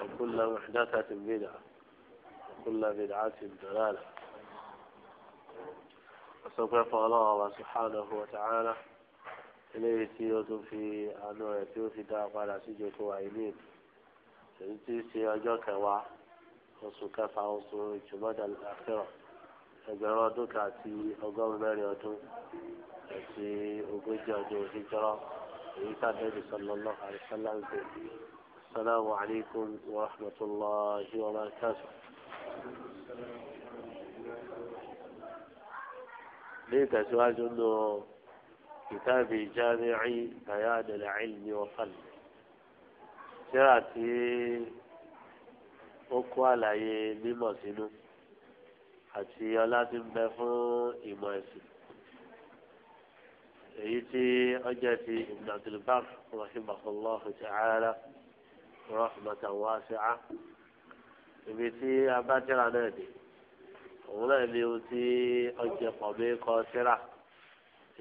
وكل محدثة بدعة وكل بدعة ضلالة وسوف يفعل الله سبحانه وتعالى إليه تيوت في أنو يتيو في دعوة على سجة وعينين سيدتي سيجا كوا وسو كفا وسو جمد الآخرة ẹgbẹ̀rún ọdún kan àti ọgọ́rùn-ún mẹ́rin ọdún àti ogójì ọdún òṣìṣẹ́ èyí tàbí ẹ̀dùn السلام عليكم ورحمة الله وبركاته ليت أزواج أنه كتابي جامعي بيان العلم وفن جراتي أقوى لأي حتي أتي يلازم به إمازن أيتي أجتي ابن عبد البر رحمه الله تعالى rahmata wasi'a ibi tí abájára náà dé òun náà ní ohun tí ọjà pọ̀bí kọ síra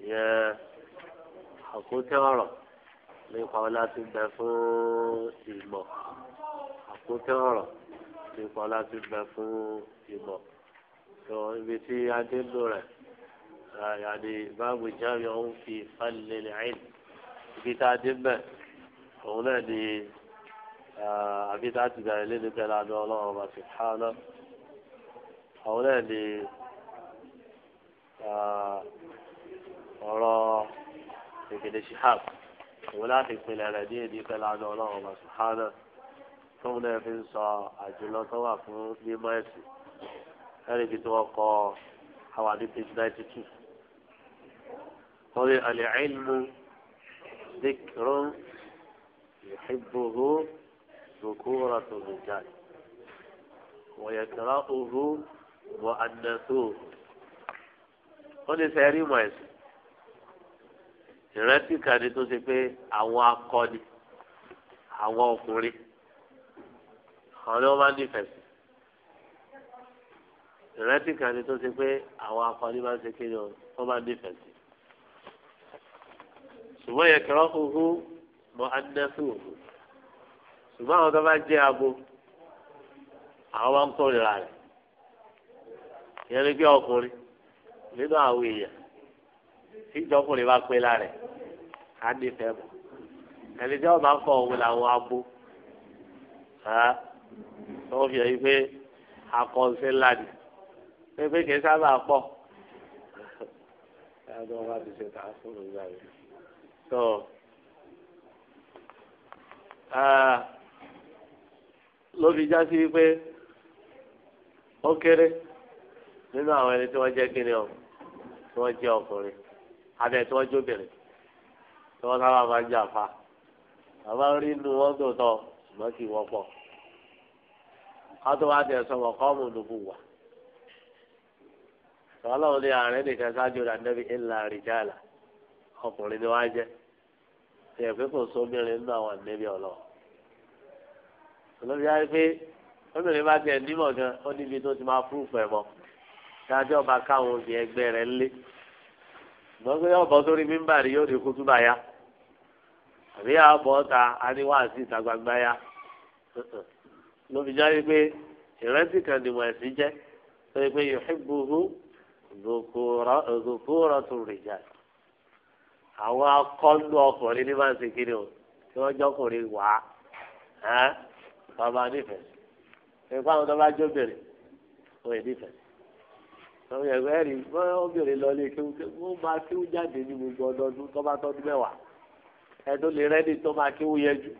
ìyẹn àkótẹ́ ọ̀rọ̀ nípa ọlá ti bẹ fún ìmọ̀ àkótẹ́ ọ̀rọ̀ nípa ọlá ti bẹ fún ìmọ̀ tó ibi tí adé lò rẹ̀ yàdí báàbù jáwé ọ̀hún fi falẹ̀ ní ibi tá a dé bẹ̀ òun náà ní àbí tá a ti bẹ̀rẹ̀ lé nípa ẹ̀la àdó ọlọ́run ọba subhana àwọn náà ni ọ̀rọ̀ ìpele shihab òun láti pinlẹ̀ rẹ̀ ní èdè pẹ̀lú àdó ọlọ́run ọba subhana tóun náà fi ń sọ àjùlọ tó wà fún mímọ́ ẹ̀sìn ẹ̀rí ibi tí wọ́n kọ àwọn àdé page ninety two wọ́n ní al-ilmu dhikrun yuhibbuhu. ذكورة الرجال ويقرأه مؤنثوه wọ́n ní sẹ́yìn rí mọ̀ ẹ̀sìn ìrántí kan ní tó ṣe pé àwọn akọni àwọn ọkùnrin àwọn ni wọ́n máa ń nífẹ̀ẹ́ sí ìrántí kan tó ṣe pé àwọn akọni máa ń ṣe kí ni wọ́n máa ń nífẹ̀ẹ́ sí ṣùgbọ́n yẹ kí wọ́n kúkú mọ anẹ́sùn òkú ṣùgbọ́n àwọn kan bá jẹ́ abo àwọn máa ń kórìíra rẹ̀ ìyẹn ni pé ọkùnrin nínú àwọn èèyàn tí ìjọkùnrin bá pé lára ẹ̀ á nífẹ̀ẹ́ bọ̀ ẹni tí wọ́n máa ń fọ òun làwọn abo tó ń fi hàn yín pé akọ́nṣe ńlá ni pé pé kì í sábà pọ̀ ẹni wọn bá ti ṣe tà ló fi já sí pé ó kéré nínú àwọn ẹni tí wọ́n jẹ́ kíni ọ tí wọ́n jẹ́ ọkùnrin abẹ tí wọ́n jóbìnrin tí wọ́n sábà máa ń jà fa àmọ́ rí inú wọn tó ṣùgbọ́n kì í wọ́pọ̀ kátó wá tẹ̀ sọ̀rọ̀ kọ́ọ̀mù lóbu wà ọlọ́run ní àárín nìkan ṣáájú rà nẹ́bí ńlá rìjàlá ọkùnrin ni wọ́n á jẹ́ ṣe é pé kò sóbìnrin nínú àwọn nẹ́bí ọlọ́run. olóbi á rí pé obìnrin bá tiẹ̀ nímọ̀ gan ó níbi tó ti máa fúrúfú ẹ̀ mọ́ dájọ́ ọba káwọn obì ẹgbẹ́ rẹ̀ lé ṣùgbọ́n ya ọ̀bọ sórí mímbà rí yóò di ya àbí àbọ̀ ta aníwáàsí ìta ya lóbi já pé ìrántí kan nìmọ̀ ẹ̀sìn jẹ́ tó yẹ pé yòókù zòkúrọ̀ tó rìn jà àwọn ọkùnrin ní máa ń kiri o tí wọn máa nífẹ̀ẹ́ sí ẹ̀kọ́ àwọn tó bá jó bèrè wọn è nífẹ̀ẹ́ sí wọn yẹ bẹ́ẹ̀ rí wọn bèrè lọlé kéwù wọn máa kéwù jáde ní gbogbo ọdọọdún tó bá tọdún mẹ́wàá ẹ tó lè rẹ́ni tó máa kéwù yẹn jù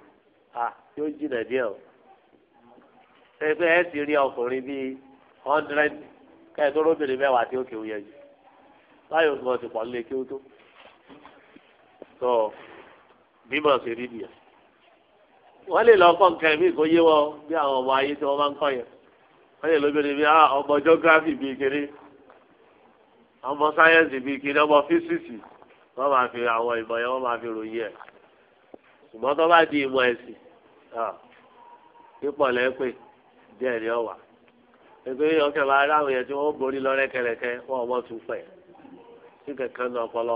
à yóò jìnà díẹ̀ o ẹgbẹ́ ẹ ti rí ọkùnrin bíi hundred kẹ́ẹ̀tọ́ lóbìnrin mẹ́wàá tí ó kéwù yẹn jù báyọ̀ tó ti pọ̀ lé kéwù tó tó bímọ sí rí nìyẹn wọ́n lè lọ kọ́ nǹkan mí kó yé wọn bí àwọn ọmọ ayé tí wọ́n máa ń kọ́ yẹn wọ́n lè lóbìnrin bí ah, ọmọ geography bíi kiri ọmọ sáyẹ́nsì bíi kiri ọmọ físíìsì wọ́n máa fi àwọn ìmọ̀ yẹn wọ́n máa fi ròyìn ẹ̀ ṣùgbọ́n tó bá di ìmọ̀ ẹ̀sìn pípọ̀ lẹ́pẹ́ díẹ̀ ni ọ̀wà ẹgbẹ́ ọkẹ́ máa rí àwọn yẹn tí wọ́n borí lọ rẹ́kẹrẹkẹ wọ́n ọmọ tún fẹ̀ sí kẹ̀kẹ́ náà ọpọlọ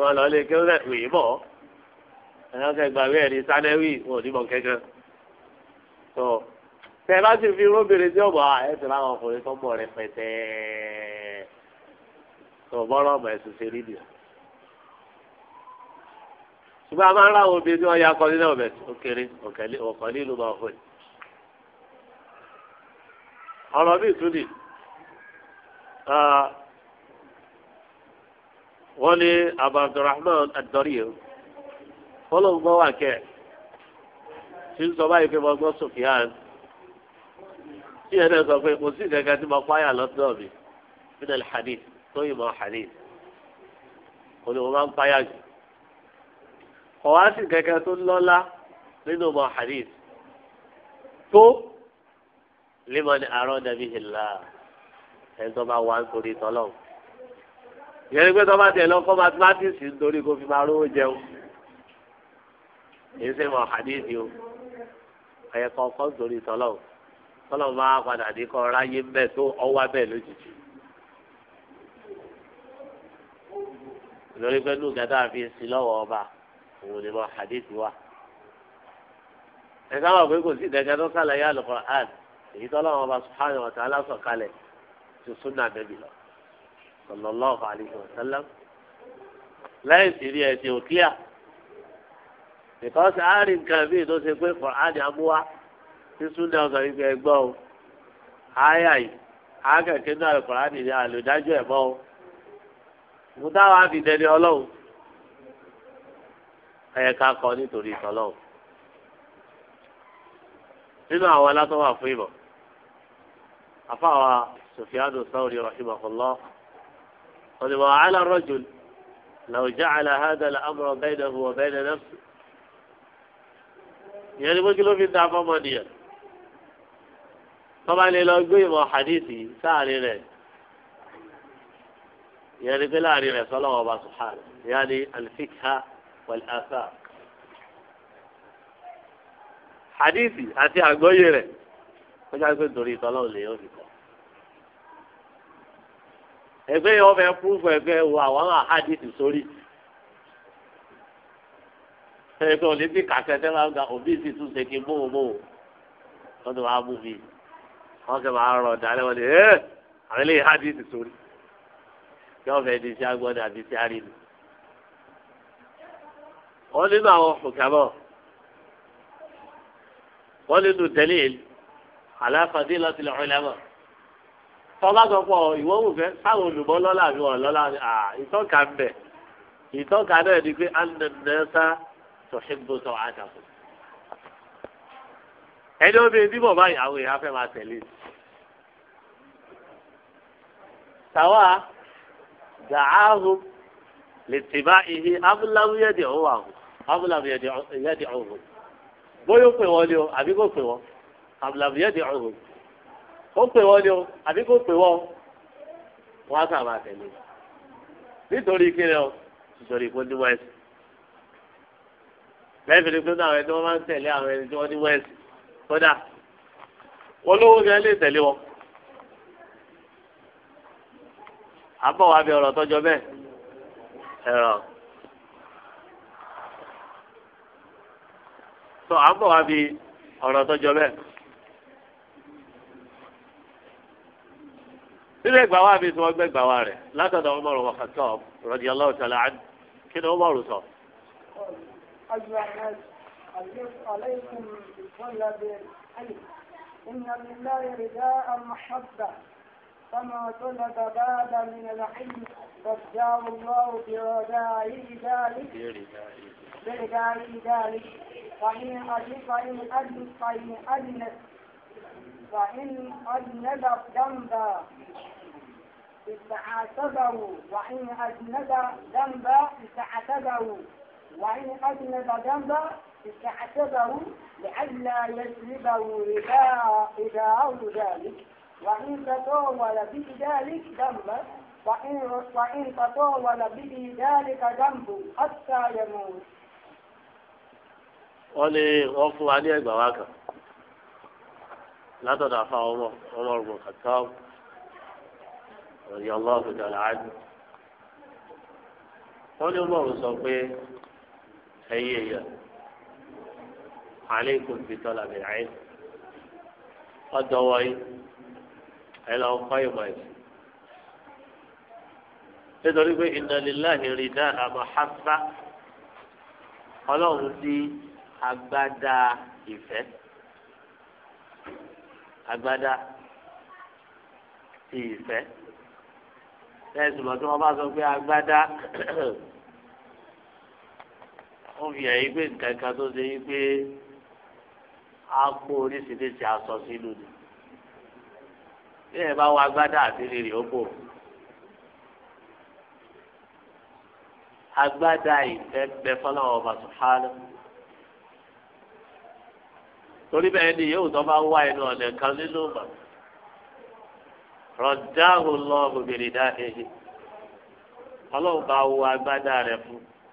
wọn ìrìn ẹ̀yọ́ kẹ́ gba ìwé ẹ̀rí sanẹ́wì wọn ò ní mọ̀ kẹ́kẹ́ tó tẹ ẹ bá sì fi róbìnrin tí ó bọ̀ ẹ sì láwọn ọkùnrin tó bọ̀ rẹpẹtẹ tó bọ́rọ̀ ọmọ ẹ̀sùn ṣe rí nìyà ṣùgbọ́n a máa ń ráwọn obìnrin tí wọ́n ya akọ nílẹ̀ ọ̀bẹ̀ tó kéré ọ̀kan nílùú máa fò ní. ọ̀rọ̀ bíi tún nì ah, wọ́n ní Abu Abdurrahman fọlọ́n gbọ́ wà kẹ́ tí ń sọ báyìí pé mo gbọ́ Sufyan tí ẹ̀dẹ̀ sọ pé kò sí ìkẹ́kẹ́ tí mo pààyà lọ́dọ̀ mi nínú al-hadith tó yìí mọ́ hadith kò ní mo máa ń pààyà jù kò wá sí ìkẹ́kẹ́ tó lọ́lá nínú mọ́ hadith tó liman arada bihi Allah ẹni tó bá wà nítorí tọ́lọ́ ìyẹn ni pé tó bá tiẹ̀ lọ kọ́ mathematics nítorí kó fi máa rówó jẹun. èyí ṣe mọ hadith o ẹ̀yẹ kọ̀ọ̀kan torí tọ́lọ̀ tọ́lọ̀ bá padà dé kọ́ ráyé ń tó ọwọ́ abẹ́ lójijì. lórí pẹ̀lú gàdá fi ń lọ́wọ́ ọba òun ni mọ wa. ẹ̀ka wà pé kò sí ìdẹ́gẹ́ tó sàlàyé Al-Qur'an èyí tọ́lọ̀ wọn bá subhanahu wa ta'ala sọ̀kalẹ̀ bẹ́bí lọ láì sí ẹ̀ ti ò because àárín nǹkan bíi tó ṣe pé Kùránì amúwá tí súnà ọkàn yìí fẹ́ gbọ́ o àyà yìí àákẹ́kẹ́ náà Kùránì ní àlòdájú ẹ̀ mọ́ o mo dáwọ́ àfi dẹni ọlọ́run ẹ̀yẹ ká kọ nítorí ìtọ́lọ́run nínú àwọn alátọ́wà fún ìmọ̀ afáwa Sufyanu Thawri rahimahullah wọ́n ni wọ́n á làwùjá àlàhádà làmúrọ̀ bẹ́ẹ̀ náà wọ̀ bẹ́ẹ̀ náà ìyẹn ni bókí ló fi da fọmọ nìyẹn tọ́ba lè lọ gbé ìmọ̀ hadithi sáàrin rẹ̀ ìyẹn ni pé láàrin rẹ̀ sọ́lọ́wọ́ ọba subhanahu ìyẹn ni alfikha wal athar hadithi àti àgbọ́yé rẹ̀ kọjá pé torí ìtọ́lọ́run lè yóò fi kọ́. ẹgbẹ́ yẹn wọ́n fẹ́ púrúfù ẹgbẹ́ wo àwọn àhádìsì sórí ṣe pé olè ti kàkẹ́ tẹ́ máa ń ga òbí sì tún ṣe kí bóun bóun wọ́n ti máa mú mi wọ́n kẹ́ máa rọ̀ dálẹ́ wọ́n ti ẹ́ àwọn eléyìí hádìí ti sórí kí wọ́n fẹ́ di iṣẹ́ agbọ́dọ̀ àti iṣẹ́ àrídì. wọ́n nínú àwọn òkàbọ̀ wọ́n nínú tẹ́lẹ̀ aláfàdé láti lọ́ọ́ ìlànà tọ́lá sọ pé ìwọ́wù fẹ́ sáwọn olùbọ́ lọ́la àbí wọ́n lọ́la ìtọ́ka ń bẹ̀ ìtọ́ka náà ni pé tòṣìbò tó àjàkù. ẹni obìnrin tí bàbá ìyàwó yìí á fẹ́ máa tẹ̀lé. tàwa dàáhù lè tìbá ihe abúláwú yẹ́dì ọ̀hún àhùn abúláwú yẹ́dì ọ̀hún. bóyá ó pè wọ́n ni o àbí kò pè wọ́n abúláwú yẹ́dì ọ̀hún. ó pè wọ́n ni o àbí kò pè wọ́n wọ́n á sábà tẹ̀lé. nítorí kí ni o nítorí kó ní wáyé lẹ́yìn tó náà àwọn ẹni tí wọ́n máa ń tẹ̀lé àwọn ẹni tí wọ́n ní wẹ́ẹ̀sì kódà olówó gan lè tẹ̀lé wọn. àbọ̀ wá bí ọ̀rọ̀ tọ́jọ́ bẹ́ẹ̀ ẹ̀rọ. sọ àbọ̀ wá bí ọ̀rọ̀ tọ́jọ́ bẹ́ẹ̀. nínú ẹgbàá wa mi tí wọ́n gbẹ́gbàá rẹ̀ látọ̀dọ̀ Umar wa Khattab radiyallahu ta'ala anhu kí ni Umar sọ. أيها الناس ألف عليكم بطلب العلم إن لله رداء محبة فما طلب بابا من العلم فابداه الله بردائه ذلك بردائه ذلك فإن أجل فإن أجل فإن أجل فإن أجنب ذنبا استعاتبه وإن أجند ذنبا استعاتبه وإن أذنب ذنبا استعتبه لئلا يجلبه رداء رداءه ذلك وإن تطاول به ذلك ذنبا وإن وإن تطاول به ذلك ذنبه حتى يموت. wọ́n ní wọ́n fún wa ní ẹgbà wa kan látọ̀dọ̀ àfa ọmọ ọmọ ọgbọ̀n kàtọ́ ọ̀rẹ́ ọlọ́ọ̀gbìn dàlá àdùn. wọ́n ní ọmọ ọ̀rùn sọ pé ẹ̀yin èèyàn aleikum fi tọ́lá mi àyè ọ̀dọ̀ wọ̀nyí ẹ إن لله ìmọ̀ ẹ̀sìn nítorí pé ìnàlélàhìn rí náà àmọ́ hásá ọlọ́run sí agbádá ìfẹ́ agbádá tí wọ́n bá sọ pé agbádá ó fi ẹ̀yìn pé nǹkan kan tó ṣe yí pé á kó oríṣiríṣi aṣọ sílùú ni bí ẹ bá wọ agbádá àti rírì ó bò agbádá ìfẹ́ bẹ fọlọ́wọ́ ọba sùhánù torí bẹ́ẹ̀ ni yóò tó bá wá ẹnu ọ̀nà kan nínú mọ̀ rọ̀dáhùn lọ́ọ̀gùn bìrìdá èyí ọlọ́run bá wọ agbádá rẹ̀ fún un.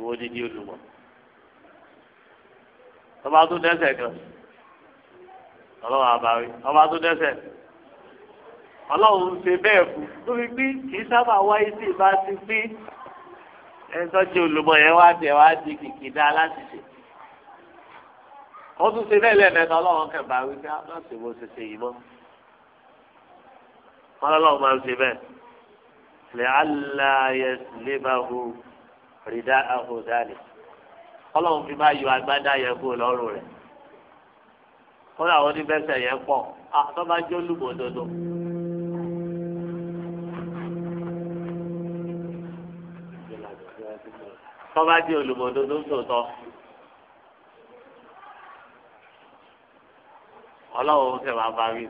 ìwọ ni ní olùmọ̀ ọba tó dẹ́ṣẹ̀ kan ọlọ́wọ́ àbáwí ọba tó dẹ́ṣẹ̀ ọlọ́run ṣe bẹ́ẹ̀ fún lórí pé kì í sábà wáyé sí ìbá ti pé ẹ̀ńtọ́ jẹ́ olùmọ̀ yẹn wá bẹ̀ wá di kìkìdá láti ṣe wọ́n tún ṣe bẹ́ẹ̀ lẹ́ẹ̀mẹ́ta ọlọ́run kẹba wí pé láti ah, wo ṣe ṣe yìí mọ́ wọn máa ń ṣe bẹ́ẹ̀ lẹ́hàlá yẹn lè máa hù rìdá ahùdálì ọlọ́run fi máa yọ agbádá yẹn kó lọ́rùn rẹ̀ kọ́lá àwọn oníbẹ̀sẹ̀ yẹn pọ̀ àtọ́bá jó lùmọ̀dodo. tọ́ba jẹ́ olùmọ̀dodo sòtọ́ ọlọ́run fẹ́ máa bá mi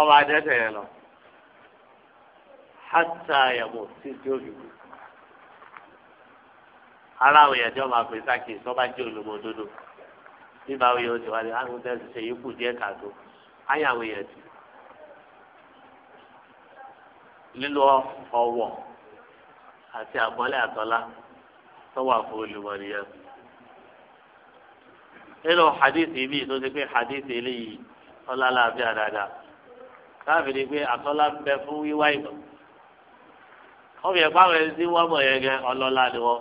ọba adẹ́tẹ̀ yẹn lọ hátà yàgò títí òbí mi. ara àwọn èèyàn tí wọn máa pè sákì tó bá jẹ olùmọdodo nígbà àwọn èèyàn ti wá ní àwọn ah, tẹsí ṣe yín kù díẹ̀ kàtó ayé àwọn èèyàn ti lílo àti àpọ́nlé nínú hadithi bíi tó ti pé hadithi eléyìí ni pé àtọ́lá ń bẹ fún wíwá wọ́n fi ẹni tí wọ́n mọ̀ yẹn gẹ́ ọlọ́lá ni wọ́n.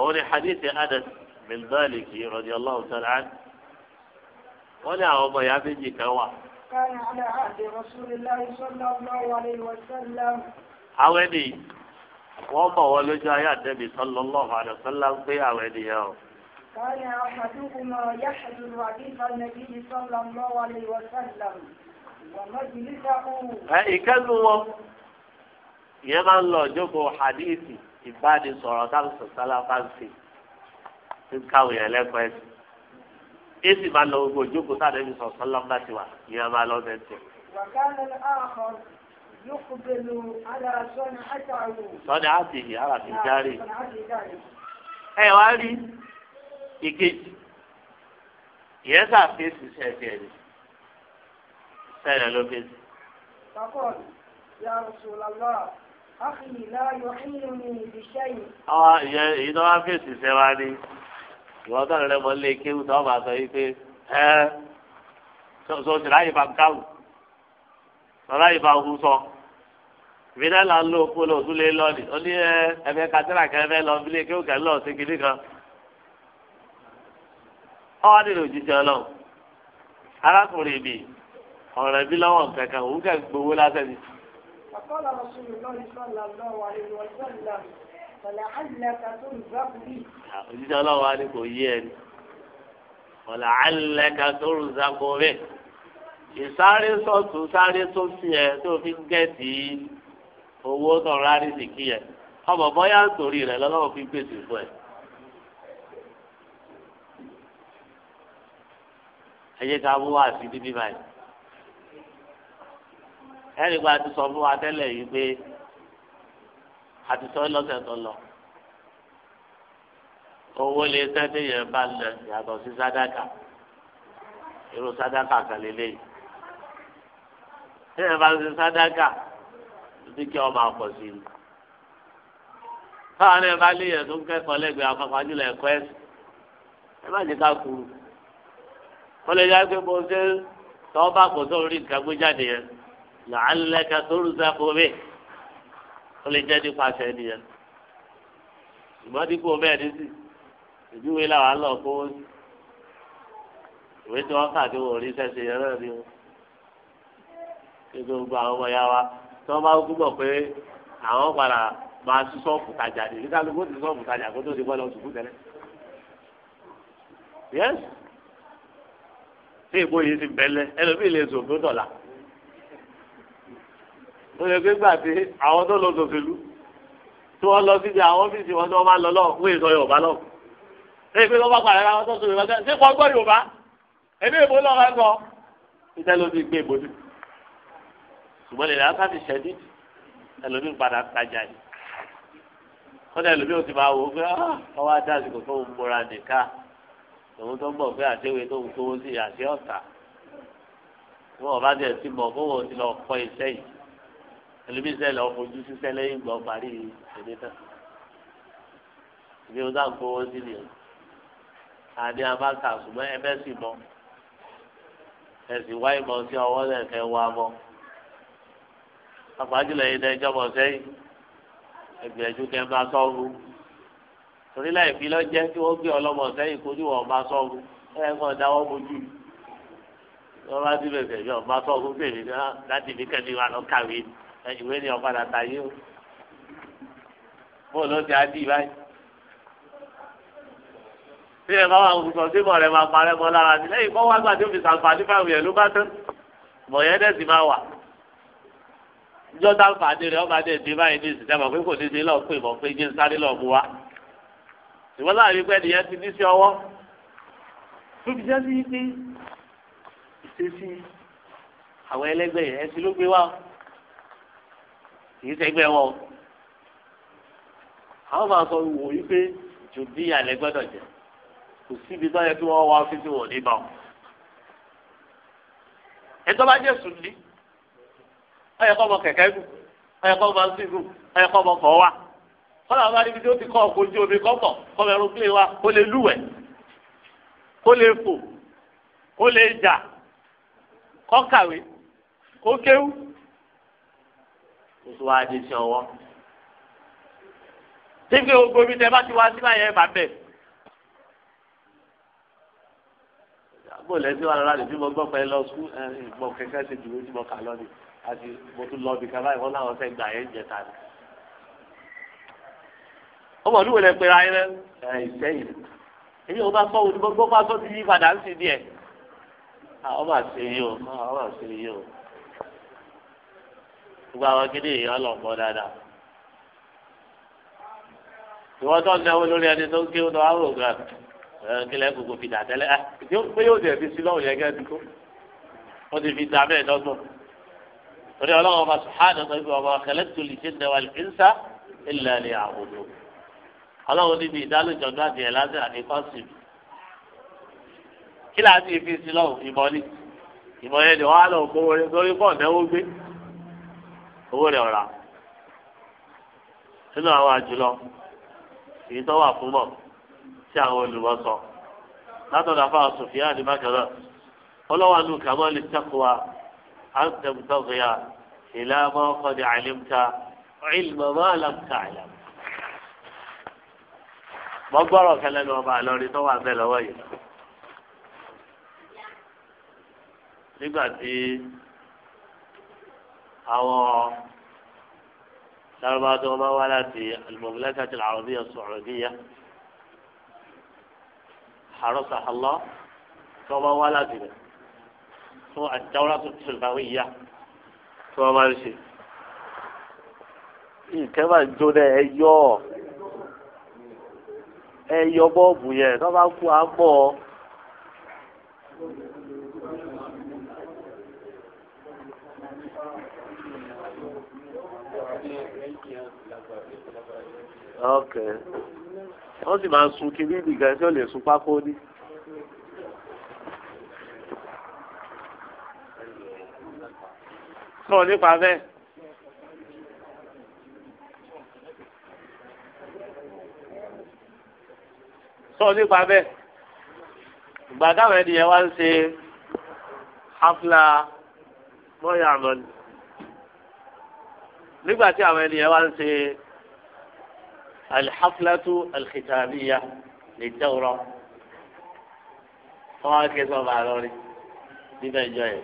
òun ni hadith anas bin malik radiyallahu ta'ala an wọ́n ní àwọn ọmọ ìyá méjì kan wà. àwọn ẹni wọ́n bọ̀ wọ́n lójú ayé àdẹ́bí sallallahu alaihi wasallam ń pé àwọn ènìyàn o. كان أحدهما يحجر رديف النبي صلى الله عليه وسلم ومجلسه. إيه كان هو يمان لو جوكو حديثي ìbánisọ̀rọ̀ táwọn sọ̀tàlá bá ń ṣe ń káwọn yẹn lẹ́kọ̀ọ́ ẹ̀sìn èsì máa lọ gbogbo ìjókòó tá a lẹ́yìn sọ̀rọ̀ sọ́lá ńlá ti wà ìyá máa lọ bẹ́ẹ̀ tẹ̀. sọ́ni àti ara ti járe. ẹ wá rí ìkejì ìyẹn sàfẹ́sì sẹ́ẹ̀dì ẹ̀ sẹ́ẹ̀dì ló fẹ́sì àwọn ìyẹn èyí tó bá fèsì ṣe wá ní ìwọ́n tó rẹ̀ mọ́ lé kéwù tó bá sọ yìí pé ẹ sọ sí láyé bá káwù sọ láyé bá hu sọ ìbílẹ̀ là ń lo polo òtúlé lọ́ọ̀nì ó ní ẹ̀fẹ̀ kátírà kẹfẹ́ lọ bílé kéwù kẹ́ lọ́ọ̀ sí kìnnì kan ọwọ́ nílò òjijì ọlọ́run arákùnrin mi ọ̀rẹ́ mi lọ́wọ́ kankan òun kẹ́ gbowó lásán ni. قال رسول الله صلى الله عليه وسلم فلعلك ترزق بي òjijì ọlọ́wọ́ á ní kò yé ẹni ọ̀là alẹ́ka tó rù zagobe ìsáré sọ̀tún sáré tó sí ẹ tó fi ń gẹ̀ẹ́tì owó tọ̀rọ̀ àrísìkí ẹ ọmọ bọ́yá ń torí rẹ lọ́wọ́ fi gbèsè fún ẹ. ẹ jẹ́ ká mú wá sí bíbí báyìí ẹ̀rí pé a ti sọ fún wa tẹ́lẹ̀ yìí pé a ti sọ lọ́sẹ̀ tó lọ owó lè sẹ́tẹ̀ yẹn bá lẹ̀ yàtọ̀ sí sádàkà irú sádàkà kan lélẹ́yìí tẹ́yẹ̀ bá ń ṣe sádàkà dúkìá ọmọ àpọ̀ sí i káwọn ẹ̀ bá léyìn tó ń kẹ́kọ̀ọ́ lẹ́gbẹ̀ẹ́ àpapọ̀ àjùlọ ẹ̀kọ́ ẹ̀sìn ẹ má jẹ́ ká kúrú kọ́lẹ́jà pé mo ṣe tọ́ bá kò sóorí nǹkan gbé jáde yẹn làálẹ́ka tó rú sáko mi ó lè jẹ́ nípa aṣọ ènìyàn ṣùgbọ́n dípò bẹ́ẹ̀ ní sí ìdíwé làwọn lọ kó ìwé tí wọ́n kà tí wọ́n rí sẹ́sẹ̀ yẹn náà ni o ṣé gbogbo àwọn ọmọ ya wa tí wọ́n bá gbúgbọ̀ pé àwọn padà máa sí sọ́ọ̀fù tajà ní kálukú ti sọ́ọ̀fù tajà kó tó di bọ́ọ̀lù ọ̀sùnkú tẹ́lẹ̀ yẹ́sì tí ìbò yìí ti bẹ̀lẹ̀ ẹlòmíì lè zò tó ó pé gbà pé àwọn tó lọ sòṣèlú tí wọ́n lọ síbi àwọn ọ́fíìsì wọn tí wọ́n máa lọ lọ wọ́n èso yorùbá lọ. ṣé pé wọ́n bá pàdé àwọn tó sọ yorùbá sẹ́yìn ṣé yorùbá ẹbí èbó lọ rẹ sọ ìtẹ́ gbé èbó ni. ṣùgbọ́n lè láǹkà ti ṣẹ́dí ẹlòmí padà tajà ni. kọ́dà ẹlòmí ò ti máa wò ó pé ah, ọ wá dá àsìkò tó ń múra nìka òun tó ń bọ̀ pé àṣewé tó ń kówó sí àṣẹ ọ̀tà. wọ́n bá dẹ̀ ti mọ̀ fún wọn ti lọ kọ́ iṣẹ́ yìí ẹlòmíì ṣẹlẹ̀ ọ̀fojú ṣiṣẹ́ lẹ́yìn gbọ́ parí èdè tán ìdí wọn dáhùn gbówó sí ni o àní abáka ṣùgbọ́n ẹ bẹ́ẹ̀ sì mọ́ ẹ sì wá ìmọ̀ sí ọwọ́ náà fẹ́ wá mọ́ àpájùlọ yìí náà ìjọba sẹ́yìn ẹgbẹ̀rún kẹ́ máa sọ́ọ́rù torí láì fi lọ́jẹ́ kí wọ́n gbé ọlọ́mọ sẹ́yìn kojú wọn máa sọ́ọ́rù ẹ̀ ẹ̀ kàn dáwọ́ mojú lọ́wọ́ bá ti bẹ̀rẹ̀ yọ̀ máa sọ́ọ́rù bèèrè náà láti fi kẹ́mi wà lọ́kàwé ni ìwé ni ọ̀padà tàyé o bóòlù ó ti á dì tí ẹ bá wà òkùnkùn sí mọ̀ rẹ̀ máa parẹ́ mọ́ lára ni lẹ́yìn kọ́ wá gbà tí ó fi sàǹfààní fáwọn yẹn ló bá tán mọ̀ yẹn dẹ̀ máa wà ìjọ táǹfààní rẹ̀ ọba dẹ̀ dé báyìí ní ìsìtẹ́mọ̀ pé kò ní ti lọ́ọ́ pè mọ́ pé jí sáré lọ́ọ́ mu wá ìwọ́n láàrin pẹ́ nìyẹn ti ní sí ọwọ́ tó jẹ́ sí pé ìṣesí àwọn ẹlẹ́gbẹ́ yẹn ẹ̀sìn ló gbé wá o kì í wọn àwọn máa sọ wò yí pé jù bí àlẹ́ gbọ́dọ̀ jẹ kò síbi tó yẹ kí wọ́n wá fífi wọ̀ ní bá wọn. ẹ̀tọ́ bá jẹ́ sùn ní ọ̀yẹ̀kọ́ ọmọ kẹ̀kẹ́ gùn ọ̀yẹ̀kọ́ ọmọ sí gùn ọ̀yẹ̀kọ́ ọmọ kọ̀ wá kọ́lá wa níbi tí ó ti kọ́ ọkọ̀ ojú omi kọ́kọ̀ kọ́ ẹ̀rọ pé wa kó lè lúwẹ̀ kó lè fò kó lè jà kọ́ kàwé kó kéwú oṣù wa di sí ọwọ́. Tíbi ogun mi tẹ bá ti wá sí láyé ẹ̀ bá bẹ̀. Àgbo lẹ́sìn wa lọ́la lèbi mo gbọ́ pé lọ sùkúl ẹ̀ ìgbọ̀ kẹ́kẹ́ ṣe dùn ojú mọ́ kà lọ́ni àti mo tún lọ bìkan báyìí wọ́n láwọn fẹ́ gbà yẹn jẹta ni. Ọmọ ìlú wo lẹ pera yẹn Ẹ ìsẹ́yìn. Èyí ò bá gbọ́ wo ni mo gbọ́ pásọ́ ti yí padà ń sì díẹ̀. Àwọn máa ṣe yí o, àwọn máa ṣe yí o gbogbo àwọn gidi èèyàn lọ gbọ́ dáadáa ìwọ tó ń náwó lórí ẹni tó ń kéwòn náà áwò gan kílẹ̀ gbogbo fi dàtẹ́lẹ̀ ẹ ah, pé yóò dẹ̀ fi sí lọ́wọ́ yẹn gẹ́gẹ́ tó ó ti fi dàmé ẹ̀dọ́gbọ̀n torí ọlọ́wọ́ bá sùhánù tó ń bọ̀ ọmọ kẹlẹ́tù lè ṣe ń dẹwà lè ń sá ni àwòdò ọlọ́wọ́ níbi ìdálójọ náà di ẹ̀ lásìkò àdékọ́ sí kí láti fi sí ìmọ̀ ni ìmọ̀ yẹn ni wọ́n á lọ owó rẹ̀ ọ̀ra nínú àwọn àjùlọ èyí tó wà fún mọ̀ tí àwọn olùwọ́ sọ látọ̀dọ̀ afáwọn sòfìyà àdìbákẹ́rẹ́ ọlọ́wà nù kàmọ́ lè tẹ́kọ̀ọ́ àǹtẹ̀mùtọ́fìyà ìlànà ọkọ̀dẹ̀ àlẹ́mùtà ìlmọ̀mọ́ àlàmùtà àlàmù. mo gbọ́rọ̀ kẹlẹ́ ni ọba àlọ́rin tó wà bẹ́ẹ̀ lọ́wọ́ yìí nígbà tí àwọn lárúbá tó bá wá láti alimọ̀gbìlẹ́sà ti làwọn bí ọ̀sọ̀rọ̀ níyà àròsà àlọ́ tó bá wá láti rẹ̀ fún àdáwọ́lá tó ti bá wí yá tó wọ́n máa ń ṣe. ìkẹ́ máa ń jóná ẹ yọ ẹ bọ́ọ̀bù yẹn tó bá kú àmọ́ ọ. ok wọ́n sì máa sun kiri nìkan tí ó lè sun pákó ní. sọ̀rọ̀ nípa bẹ́ẹ̀. sọ̀rọ̀ nípa bẹ́ẹ̀. ìgbà táwọn ènìyàn wá ń ṣe hafla mọ́yàmọ́ni. nígbà tí àwọn ènìyàn wá ń ṣe. الحفلة الختامية للدورة طبعا كيف مع لوري níbẹ̀ jọ yẹ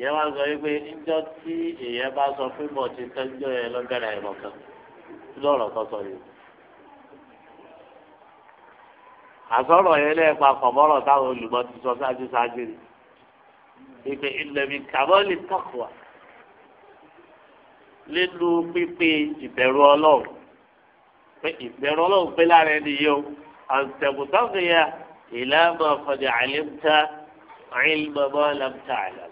yẹ wá sọ yìí pé níjọ tí èèyàn bá sọ pé bọ̀ ti tẹ́jọ́ yẹ lọ́gàdà ẹ̀rọ kan lọ́rọ̀ kan sọ yìí àsọ̀rọ̀ yẹn lẹ́ẹ̀pa kọ̀mọ́rọ̀ táwọn olùmọ̀ ti sọ ṣáájú ṣáájú ni ìpè ìlẹ̀mí kàmọ́lì tọ́kùwà lílu pípé ìbẹ̀rù ọlọ́run pé ìbẹ̀rù ọlọ́run pé lára ẹni yìí o àǹtẹ̀kùtọ́kìyà ìlànà ọ̀kọ̀dẹ̀ àlẹ́mta àìlùmọ̀mọ́ làmta àlà.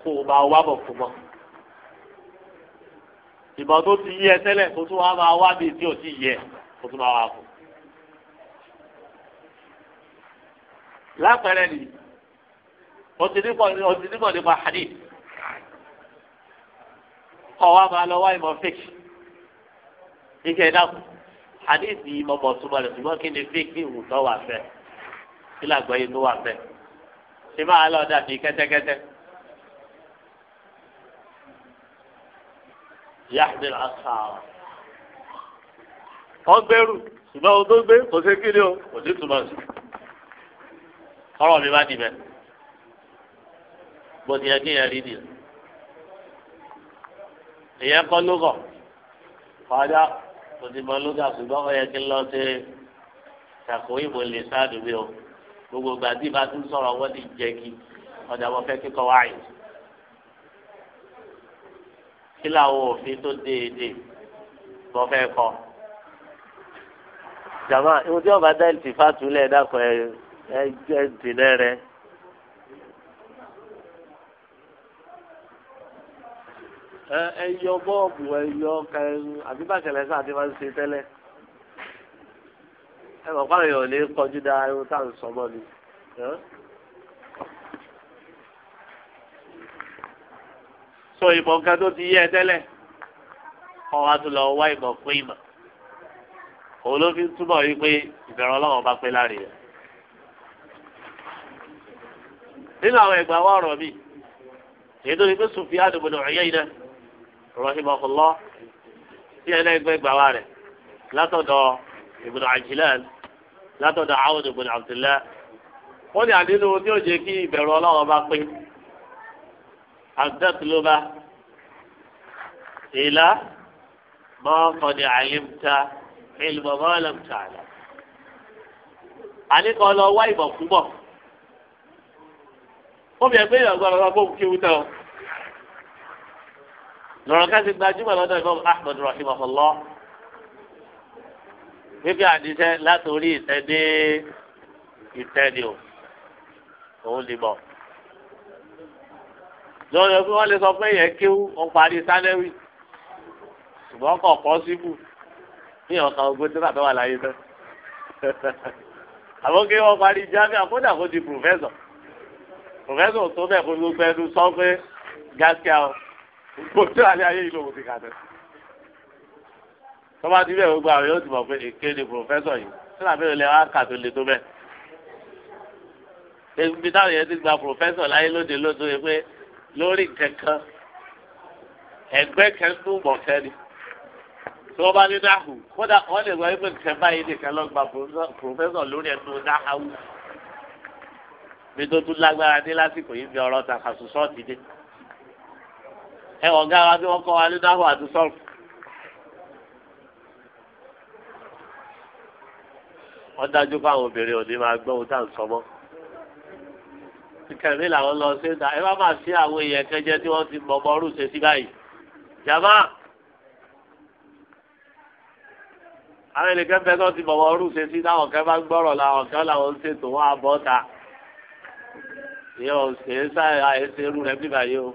kó o máa wá bọ̀ fún mọ́. ìmọ̀ tó ti yẹ tẹ́lẹ̀ kó tún wá máa wá bíi tí ò ti yẹ kó tún máa wá fún. lápẹẹrẹ nìyí. o ti nímọ̀ nípa hadith ọwọ́ máa lọ wá ìmọ̀ fake ike dákun àdéhùn ìmọ̀ bọ̀ súnmọ́ rẹ̀ ṣùgbọ́n kí ni fake ìwù tó wà fẹ́ kí làgbọ́ yìí tó wà fẹ́ ṣé máa lọ dàbí kẹ́tẹ́kẹ́tẹ́ yáàdì àṣàrò wọ́n gbẹ́rù ṣùgbọ́n ohun tó gbé kò sí kí o kò sí túmọ̀ sí ọ̀rọ̀ mi bá dìbẹ̀ bó ti yẹ kí yẹn rí nìyẹn ìyẹn kọ́ lókọ̀ kọjá kò ti mọ lókà ṣùgbọ́n ọ̀yẹ́ kí n lọ ṣe ṣàkó ìbò lè sáàdù mi o gbogbo ìgbà tí ìbá tún sọ̀rọ̀ wọ́n ti jẹ́ kí ọjà wọn fẹ́ kíkọ́ wáyé. kí làwọn òfin tó déédéé bọ́ fẹ́ kọ́ jàmá ìwọ tí wọn bá dá ìtìfà túlẹ̀ dàpọ̀ ẹ ẹ dìnnà rẹ E bọ́ọ̀bù ẹyọ kẹrin àbíbàkẹlẹ sáà ti máa ṣe tẹ́lẹ̀ ẹ mọ̀ fáwọn èèyàn lè kọjú irun tá à ń ni. so ìmọ̀ nǹkan tó ti yẹ ẹ tẹ́lẹ̀ kọ́ wa tó lọ wá ìmọ̀ fún ìmọ̀ òun ló fi ń túbọ̀ yí pé ìbẹ̀rù ọlọ́run bá pé láre nínú àwọn ọ̀rọ̀ mi èyí tó ní rahimahullah tí ẹlẹ́gbẹ́ gbà wá rẹ̀ látọ̀dọ̀ ibn Ajlan látọ̀dọ̀ Awd ibn Abdullah wọ́n ní àdínú tí ó jẹ́ kí ìbẹ̀rù ọlọ́wọ́ bá pé àdẹ́tìlóba ìlà mọ́kànlá àyèmta ìlmọ̀ mọ́lẹ̀mta àlà. àníkan lọ wá ìmọ̀ púpọ̀ ó bẹ̀rẹ̀ pé ìyàgbọ́n ọlọ́wọ́ kó kí wúta o lọ́rọ̀ ká ti gbajúmọ̀ lọ́dọ̀ Imam Ahmad rahimahullah bíbí àdìsẹ́ láti orí ìtẹ́ dé ìtẹ́ ni o òun lè mọ̀ lọ́dọ̀ bí wọ́n lè sọ pé yẹn kéwú wọ́n parí sálẹ́wì ṣùgbọ́n kọ̀ pọ́ síbù ní ọ̀kan ogun tí bàbá wà láyé tán àwọn kí wọ́n parí jáfẹ́ àkódà kó di pòfẹ́sọ̀ pòfẹ́sọ̀ tó bẹ̀ kó gbogbo ẹnu sọ pé gáskíà o gbogbo tí wàá ní ayé yìí lòun ti kà tẹ. tọ́ba ti bẹ́ẹ̀ gbogbo àwọn yóò ti mọ̀ pé èké ni pòfẹ́sọ̀ yìí sílẹ̀ àbẹ̀rẹ̀ lẹ́ wá kà tó le tó bẹ́ẹ̀. ebi táwọn yẹn ti gba pòfẹ́sọ̀ láyé lóde lóde yẹ pé lórí kankan ẹgbẹ́ kan tó mọ̀ kẹ́ni. tí wọ́n bá ní dáhù kódà wọ́n lè gbọ́ pé kẹ́ báyìí nìkan lọ gba pòfẹ́sọ̀ lórí ẹnu dáhù. mi tó tún lágbára dé lásìkò yìí fi ọ̀rọ̀ tàkàtù sọ́ọ̀tì dé ẹ ọ̀gá wa bí wọ́n kọ́ wa ní dáhùn àti sọ́ọ̀fù. wọ́n dájú pé àwọn obìnrin òní máa gbọ́ ohun tá à ń sọ mọ́. kẹ̀mí làwọn lọ sí ìta ẹ bá máa sí àwọn èèyàn kẹjẹ tí wọ́n ti mọ̀mọ́ ọrùn ṣe sí báyìí. jàmá àwọn ènìyàn bẹ́ẹ̀ tó ti mọ̀mọ́ ọrùn ṣe sí táwọn kan bá ń gbọ́rọ̀ làwọn kan làwọn ń ṣètò wọn àbọ̀ ta. ìyẹn ò ṣe é sáà àìsè irú rẹ̀ o.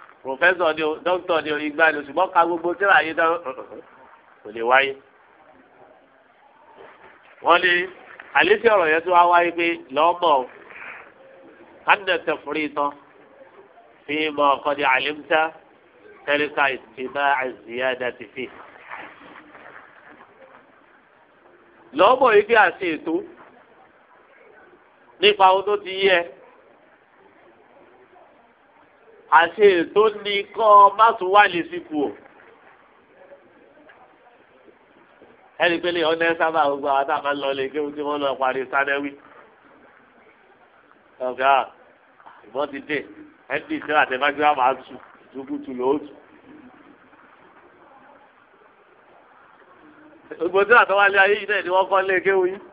pòfẹ́sọ̀ ni o dókítọ̀ ni o igba ni o ṣùgbọ́n ka gbogbo tíra yé dán kò lè wáyé. wọ́n ní àlétí ọ̀rọ̀ yẹn tó wá wáyé pé lọ́mọ̀ kánà tẹ̀fúrí tán fi mọ ọ̀kọ́ni àlímtá tẹ́lẹ̀ká ìsìnmá àzìyáda ti fi. lọ́mọ̀ yìí kí a ṣe ètò nípa ohun tó ti yẹ àti ètò ní kọ́ má tún wà lè sípò ẹni pé lè ọ̀nà sábà gbogbo àwọn tá a máa ń lọ lè kéwu tí wọ́n lọ parí sádẹ́wì ọ̀gá ìbọn ti dé ẹni tí ìṣẹ́ àtẹ̀mágbé wa máa tù tukutu ló tù. gbogbo tí wàá tọ́wálé ayé yìí náà ni wọ́n kọ́ lé kéwu yìí.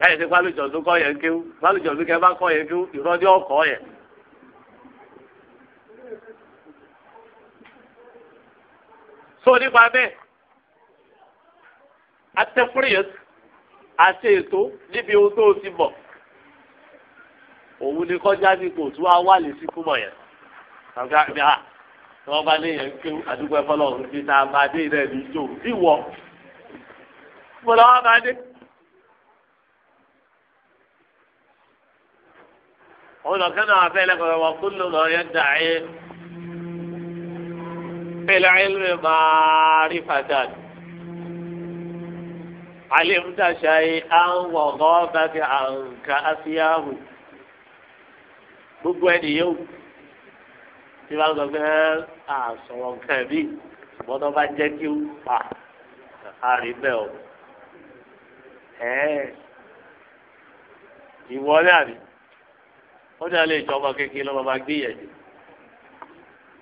láyé sí pálùjọ̀dún kọ́ yẹn kéwú pálùjọ̀dún kẹ́ bá kọ́ yẹn kéwú ìrọ́jú ọkọ̀ yẹn. so nípa bẹ́ẹ̀ atẹ́fúrìyẹ́sì àti ètò níbi ohun tó ti bọ̀ òun ni kọjá nípò tí wọ́n á wà lè síkú mọ̀ yẹn. kàkà mi à tí wọ́n bá ní yẹn kéwú àdúgbò ẹ̀fọ́ lọ́rùn fi ta máa dé ilẹ̀ ìlú jò ìwọ. mo lọ́wọ́ dé. òun lọ kẹ́nu àfẹ́ lẹ́kọ̀ọ́ wọn kúlù lọ yẹ dàáyé fẹlẹ́ ilmi maari fatad alimta ṣayé àwọn wọ̀gọ́ bàtí àǹkà àfíyàwó gbogbo ẹni yóò tí wọ́n sọ pé àsọ̀rọ̀ nǹkan bí ṣùgbọ́n tó bá jẹ́ kí ó pa àárín bẹ́ẹ̀ o ìwọlé àbí ó ní alẹ́ ìjọba kékeré lọ́wọ́ máa gbìyànjú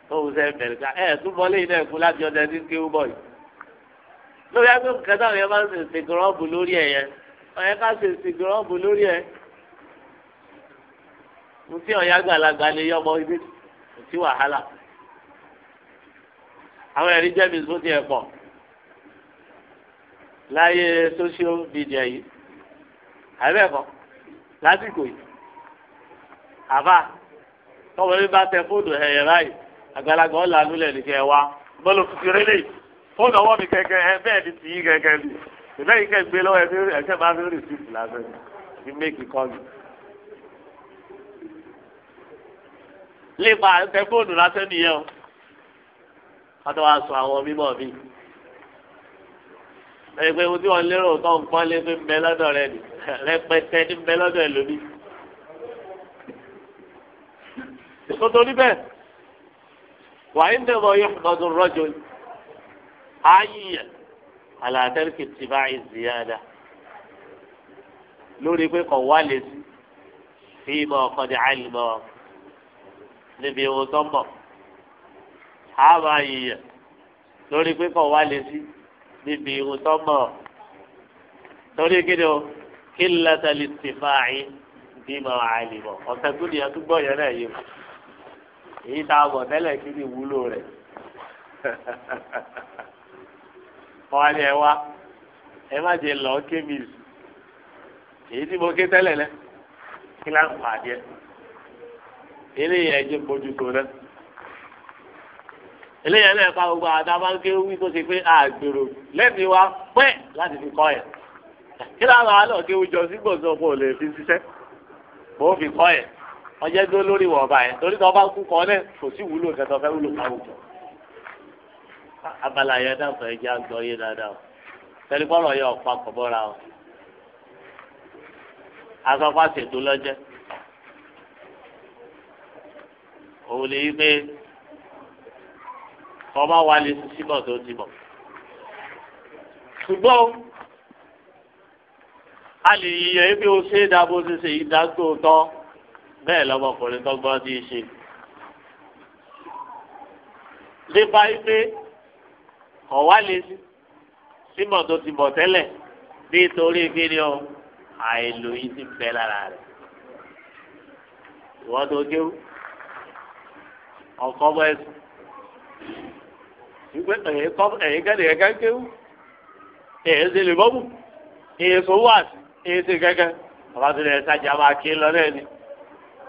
tóun sẹ́ bẹ̀rẹ̀ ká ẹ̀ tún bọ́lé ilé ẹ̀kú láti ọdẹ ní kéwú bọ̀ yìí lórí ẹgbẹ́ kẹta yẹn máa ń ṣe ṣègùrọ́ọ̀bù lórí ẹ̀ yẹn ọ̀yẹ́ ká ṣe ṣègùrọ́ọ̀bù lórí ẹ̀ mo ti ọ̀yá gbàlagbà lè yọmọ ibi kò sí wàhálà àwọn ẹ̀rí jẹ́ mi sóde ẹ̀ pọ̀ láyé social media yìí àbẹ́ẹ̀kọ́ lásìkò yìí àbá tọ́wọ́ bí bá tẹ fóònù ẹ̀yẹ báyìí àgbàlagbà ọ̀là lulẹ̀ nìkẹ́ wa bọ́lá tuntun rẹ̀ lè fóònù ọwọ́ mi kẹ̀kẹ́ ẹ bẹ́ẹ̀ ni tì í kẹ̀kẹ́ ni ìbẹ́ yìí kẹ́ gbé lọ́wọ́ ẹ̀kẹ́ máa fi rìn sí ìlànà ní méèkì kọ́ọ̀lù. lè pa tẹ fóònù lásán nìyẹn o kátó wàá sọ àwọn mímọ́ mi ẹgbẹ́ wo tí wọ́n lérò tó ń pọ́n lé fún bẹ́ẹ̀ lọ́dọ̀ rẹ rẹpẹtẹ ní bẹ́ẹ̀ lọ́dọ̀ ẹ lómi. sọ́tọ̀ níbẹ̀ wàá ń dẹ̀bọ̀ yóò lọ́dún rọ́jò ayíyẹ àlàtẹ́rìkì ti bá ìzìyàdá lórí pé kò wá lè sí fi mọ ọkọdẹ àìlùmọ níbi ewu tó ń bọ̀ àbá ayíyẹ lórí pé kò wá lè sí níbi ewu tó torí kí ni o kí lẹ́tà lè ti fà áyín bí mọ àìlùmọ ọ̀sẹ̀ tó nìyẹn tó gbọ́ yẹn náà yé èyí tá a bọ̀ tẹ́lẹ̀ kí ni rẹ̀ wọ́n á wá ẹ má jẹ lọ́ọ́ kémìs èyí tí mo ké tẹ́lẹ̀ lẹ́ kí lá ń pàdé eléyìí ẹ jẹ́ bójú tó náà eléyìí náà ká gbogbo àdábánké wí tó ṣe pé àgbèrò lẹ́ẹ̀mí wa pẹ́ láti fi kọ́ ẹ̀ kí láwọn alọ́ọ̀kéwù jọ sígbòsókò lè fi ṣiṣẹ́ mo fi kọ́ ẹ̀ ọjẹ́ dúró lórí ìwọ̀ ọba yẹn torí tó bá kú kan náà kò sí wúlò kẹtọ fẹ́ wúlò káwùjọ. abala yẹn dàpọ̀ ẹja gbọ́ yé dáadáa o tẹlifọ́nù yẹ ọ̀pá kọ̀bọ́ra o asọ́pá ṣètò lọ́jẹ́ òun lè yí pé ọba wa lè sisi bọ̀ tó ti bọ̀ ṣùgbọ́n a lè yíyẹ pé o ṣe é dáa bó ṣe ṣe yìí tán bẹ́ẹ̀ lọ́mọkùnrin tó gbọ́ sí ṣe. nípa ipe ọ̀wá lè símọ̀ tó ti bọ̀ tẹ́lẹ̀ nítorí kíni o àìlò yìí ti bẹ́ lára rẹ̀. ìwọ́n tó kéwú ọkọ bọ́ ẹ̀sùn ìgbé ẹ̀yìn kẹ́lẹ̀ ẹ̀ka kéwú èyí ṣe lè bọ́bù èyí ṣòwò àti èyí ṣe kẹ́kẹ́ ọba tó lè ṣàjà máa kí lọ náà ni.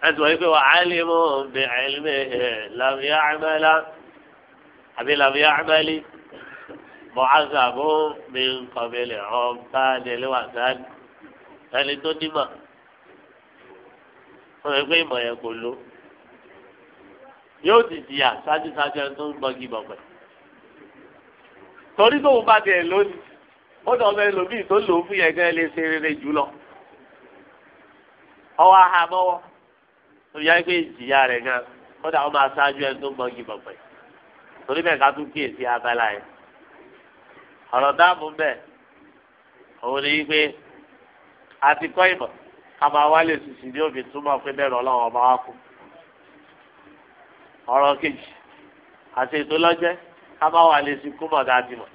ẹtù wọ́n pé wà á lè mú bí ẹlẹ́mẹ̀ làbíyá àmàlà àbí làbíyá àmàlì bọ̀ àgàbọ̀ mi nǹkan mi lè rán bá délé wà sáàdì ẹni tó dìmọ̀ wọ́n rẹ̀ pé ìmọ̀ yẹn kò ló yóò ti jìyà ṣáájú ṣáájú ẹni tó ń gbọ́gi bọ̀pẹ̀ torí tóun bá tiẹ̀ lónìí ó dọ̀ ọmọ ẹlòmíì tó lòó fún yẹn gẹ́gẹ́ lè ṣe rere jù ọwọ́ àhámọ́wọ́ torí yáa pé ìjìyà rẹ̀ gan kódà wọn máa ṣáájú ẹni tó ń gbọ́n gbìmọ̀ pẹ̀ torí bẹ́ẹ̀ ká tún kíyèsí abala yẹn ọ̀rọ̀ dáàbò bẹ́ẹ̀ òun ni wípé a kọ́ ìmọ̀ ká máa wá sùsì ní òbí túmọ̀ pé bẹ́ẹ̀ rọ ọlọ́run ọba kú ọ̀rọ̀ kejì àti ètò lọ́jẹ́ ká máa wà sí kúmọ̀ dáadìmọ̀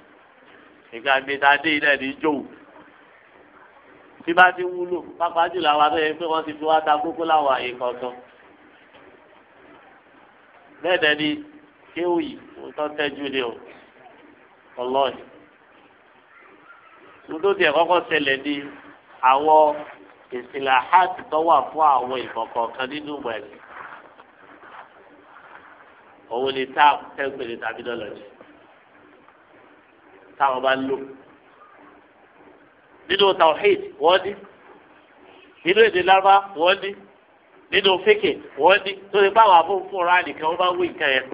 ìgbà mi ta dé ilẹ̀ ní jòwó tí bá ti wúlò pápá jùlọ àwọn abẹ́rẹ́ pé wọ́n ti fi wá ta kókó láwọn àyè kọ̀ọ̀kan. bẹ́ẹ̀ dẹ́ ni kéwì tó tẹ́jú ni o ọlọ́ọ̀yì. tó tiẹ̀ kọ́kọ́ ṣẹlẹ̀ ni àwọn ìsìnlẹ̀ àti tó wà fún àwọn ìkọ̀kọ̀ọ̀kan nínú ìwẹ̀lẹ̀. òun ni táàpù tẹ́gbẹ̀rẹ̀ tàbí dọ́là jù táwọn bá lò nínú tawhid wọ́n ní nínú èdè larba wọ́n ní nínú fèkè wọ́n ní tó ti bá àwọn abóhùn fúnra nìkan wọ́n bá wí nǹkan yẹn.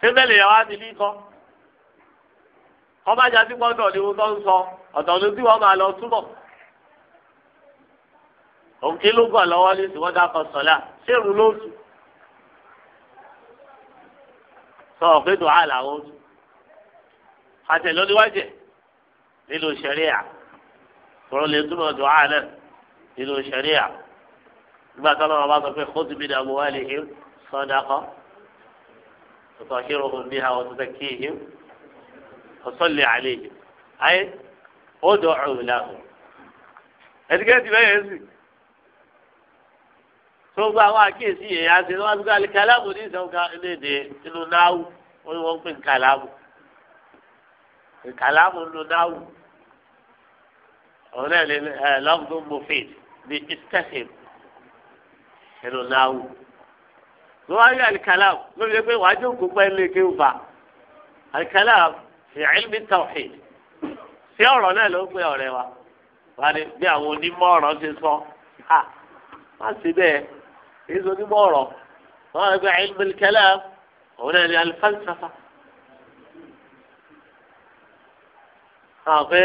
sẹ́fẹ̀lì yẹn wá ti ní kọ́ wọ́n jà sí gbọ́dọ̀ ni wọ́n tó ń sọ ọ̀tọ̀ ló sì wọ́n máa lọ túbọ̀. òǹkí ló gbọ̀ lọ́wọ́ ní tí wọ́n dákọ̀ sọ̀lá ṣé ìrù lóòtù sọ ọ̀pẹ́ dùn á làwọn oṣù àtẹ̀lóníwájẹ̀ nínú sẹ̀ríà tọ́lọ́ lè túmọ̀ dùn á náà nínú sẹ̀ríà nígbà tó lọ́wọ́ bá sọ pé kóòtù mi dààmú wá lè him sọ́dákọ́ tọ́tọ́ hírò hùn bí ha wọ́n tẹ́ kí him ọ̀sọ́lẹ̀ àlẹ́ yìí ayé ó dọ̀ ọ̀rùn láàrùn ẹ̀dígẹ́tì bẹ́ẹ̀ yẹn sì tó gba àwọn àkíyèsí yẹn yá sí wọ́n á ti ní ìsọ̀kan ilé èdè nínú náà wọ́n ń pè ní kàlámù kàlámù ń lo náwù òun náà lè ẹ lọ́gbọ́n mufid ní istahim ẹnu náwù ló wá rí alikalaam ló lè pé wàá jókòó pẹ́ lé kí n fa alikalaam fi ilmi tawhid sí ọ̀rọ̀ náà ló ń pè ọ̀rẹ́ wa wàá ní bí àwọn onímọ̀ ọ̀rọ̀ ti sọ ha má sí bẹ́ẹ̀ èyí sọ onímọ̀ ọ̀rọ̀ wọ́n á rí pé ilmi òun náà ní alifalsafa. àwọn pé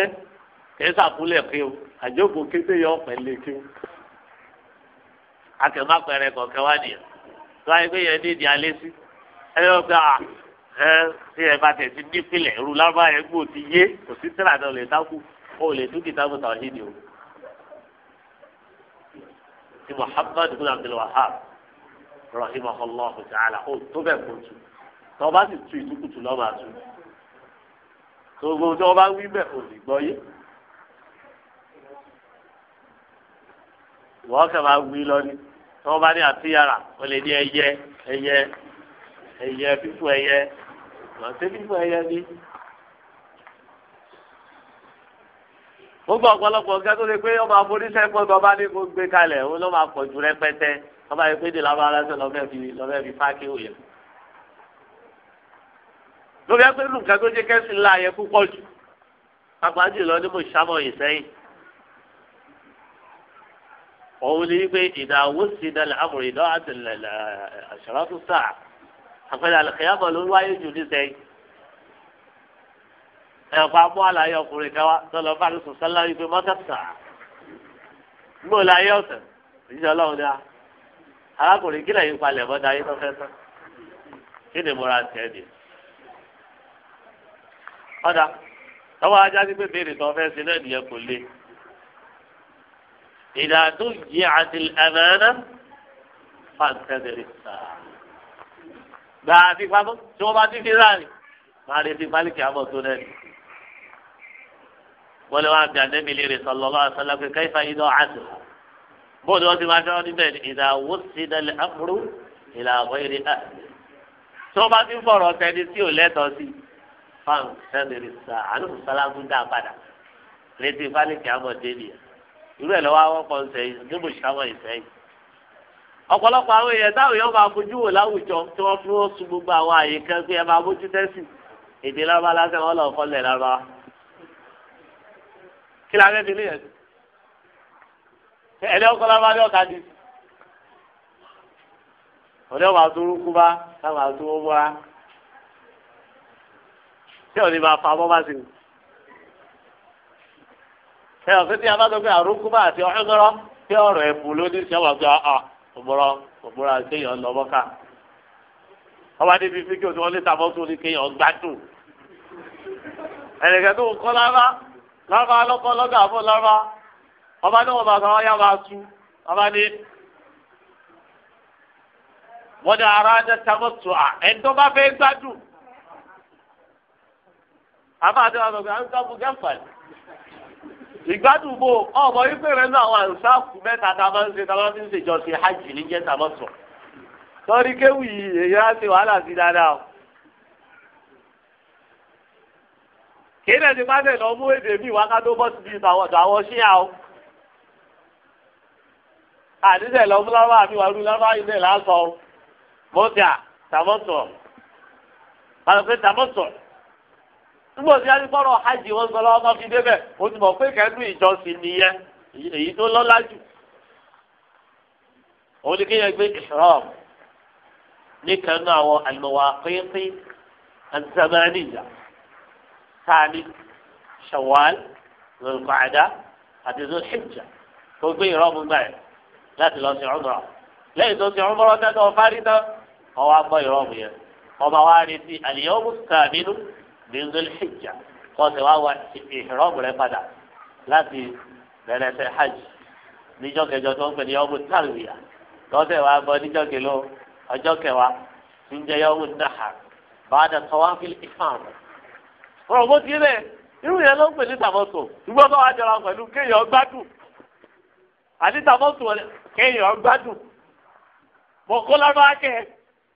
kì í sàkúlẹ̀ kí o àjókò kété yọ pẹ̀lẹ́ kí o akẹ́mọ́ apẹ̀rẹ̀ kọ̀ọ̀kẹ́ wá nìyẹn láyé pé yẹn nídìí alẹ́ sí ẹ yọ pé à ẹ tí ẹ bá tẹ̀ sí nípìnlẹ̀ irú lábá yẹn gbò ti yé kò sí tíra náà lè dákú ó lè dúkì táwọn tàwọn yìí ni o. ti Muhammad bin Abdul Wahab. rahimahullah ta'ala ó tó bẹ̀ kó tu tọ́ bá sì tu ìtukùtù lọ́ọ́ tu gbogbo tí wọn bá wí bẹ kò sì gbọ́ yé wọn kàn máa wí lọ ni tí wọn bá ní àtúnyàrá wọn lè ní ẹyẹ ẹyẹ ẹyẹ fífò ẹyẹ lọsẹ fífò ẹyẹ ni. gbogbo ọ̀pọ̀lọpọ̀ ọ̀gá tó lè pé ọba aboríṣẹ́ pọ̀ tó ọba ní kó gbé kalẹ̀ òun ló máa pọ̀ jù rẹpẹtẹ ọba yìí pé dè lábára lọ́sẹ̀ lọ́fẹ́ fi fákì òye lórí ẹgbẹ́ nù nǹkan tó jẹ́ kẹ́sì ńlá yẹ púpọ̀ jù pàápàá jùlọ ní mo ṣàmọ̀ yìí sẹ́yìn. òun ni wípé ìdáwó sí dalẹ̀ amòrè ìdá àtẹlẹ àṣàràtú sáà àpẹẹrẹ àlùkìyàmọ̀ ló wáyé jù ní sẹ́yìn. ẹ̀kọ́ amú àlàyé ọkùnrin káwá tọ́lọ fáwọn sùn sálá wípé mọ́tà sáà. gbọ́ láyé ọ̀sẹ̀ ìjọ ọlọ́run ni a arákùnrin kílẹ̀ yín palẹ̀ mọ́ta yín tó fẹ́ tán kí ọ̀dà tọ́wọ́ ajá sí pé béèrè tó fẹ́ ṣe náà nìyẹn kò le. ìdàdó yí àti ẹ̀mẹ́rẹ́ fàǹtẹ́dẹ̀rẹ́ sáà. gbà àti pamọ́ tí wọ́n bá ti fi ráàlì máa lè fi pálíkì àmọ́ tó náà ni. wọ́n lè wá bí anẹ́mìlì rẹ̀ sọ̀lọ́ lọ́wọ́ sọ́lá pé káyífà yìí náà àti bóòdù wọn ti máa fẹ́ràn níbẹ̀ ni ìdàwó sí dalẹ̀ àmúrú ìlà àbọ̀ ìrìn fan sẹ́mìrì sa àánú sálágù dá padà létí fáníkì àmọ̀dé nìyẹn irú ẹ̀ lọ́wọ́ àwọn kan sẹ́yìn níbo ṣàwọn ìsẹ́yìn. ọ̀pọ̀lọpọ̀ àwọn èèyàn táwọn èèyàn máa fojú wò láwùjọ tí wọ́n fi wọ́n sun gbogbo àwọn àyè kan pé ẹ máa mójú tẹ́sì èdè lọ́ba lásán wọn lọ́ọ́ kọ́lẹ̀ lọ́ba. kí la fẹ́ẹ́ fi lè yẹn sí. ẹ̀dẹ́ ọkọ lọ́ba ní ọ̀ka di. ọ̀dẹ́ wàá tó rúkú bá táwọn àtúwọ́ bá tí ò ní máa fa bọ́ bá sí i. ẹ ọ̀sẹ̀ tí a bá sọ pé àrùkú bá àti ọ̀hẹ́gọ́rọ́ tí ọ̀rọ̀ ẹ̀bù ló ní sẹ́wà pé ọ̀ ọ̀bọ̀rọ̀ ah, ọ̀bọ̀rọ̀ àgbéyàn lọ bọ́ká. ọba débi fi kí o tí wọ́n lé tabọ́ tó ní kéèyàn gbádùn. ẹnìkan tó kọ́ lára lára lọ́kọ́ lọ́gà fún lára ọba ní wọn bá sọ wáyà máa tú ọba ní wọ́n ní ara ẹ̀dọ́ bá fẹ́ gbádùn àbáàdé wa sọ̀rọ̀ à ń sábò gẹ́fàlì. ìgbádùn bò ọmọ ife rẹ náà wà ṣáàkù mẹ́ta tá a máa ń ṣe tá a máa ń ṣe jọ ṣe hajj ní jẹ́ sàmọ́sọ̀. sọ́ni kéwì èyí á ṣe wàhálà sí dáadáa o. kì í dẹ̀ ti lọ mú èdè mi wá tó bọ́ síbi ìtàwọ̀dọ̀ àwọn ṣíà o. lọ fún lábàá mi wà lú lábàá ilẹ̀ lásán mọ́tà sàmọ́sọ̀. àlọ́ nígbà tí wọ́n kọ́rọ̀ hajj wọ́n sọ lọ́wọ́ máa fi débẹ̀ o ti mọ̀ pé kẹ́nu ìjọsìn nìyẹn èyí tó lọ́lá jù òun ni kéèyàn gbé ìṣòro ní kẹ́nu àwọn àlùmọ̀wá pínpín azamaniya tani shawal lulqaada àti zulhijja tó gbé ìrọ́mù gbà yẹn láti lọ sí umrah lẹ́yìn tó sí umrah tẹ́tọ̀ fárí tán ọwọ́ agbọ́ ìrọ́mù yẹn ọba wa retí al-yawmu ath-thaminu min Dhul Hijja kọ́ ṣe wá wa ìhìrọ́bù rẹ padà láti bẹ̀rẹ̀ ṣe hajj níjọ́ kẹjọ tó ń pè ní yawmu tarwiya lọ́sẹ̀ wa bọ́ níjọ́ kẹló ọjọ́ kẹwàá ń jẹ́ yawmu nahar ba'da tawafil ifam. ọ̀rọ̀ ti rẹ̀ irú yẹn ló ń pè ní tàmọ́tò ṣùgbọ́n tó wá jọra pẹ̀lú kéèyàn gbádùn àti tàmọ́tò kéèyàn gbádùn mọ̀kó lábá kẹ́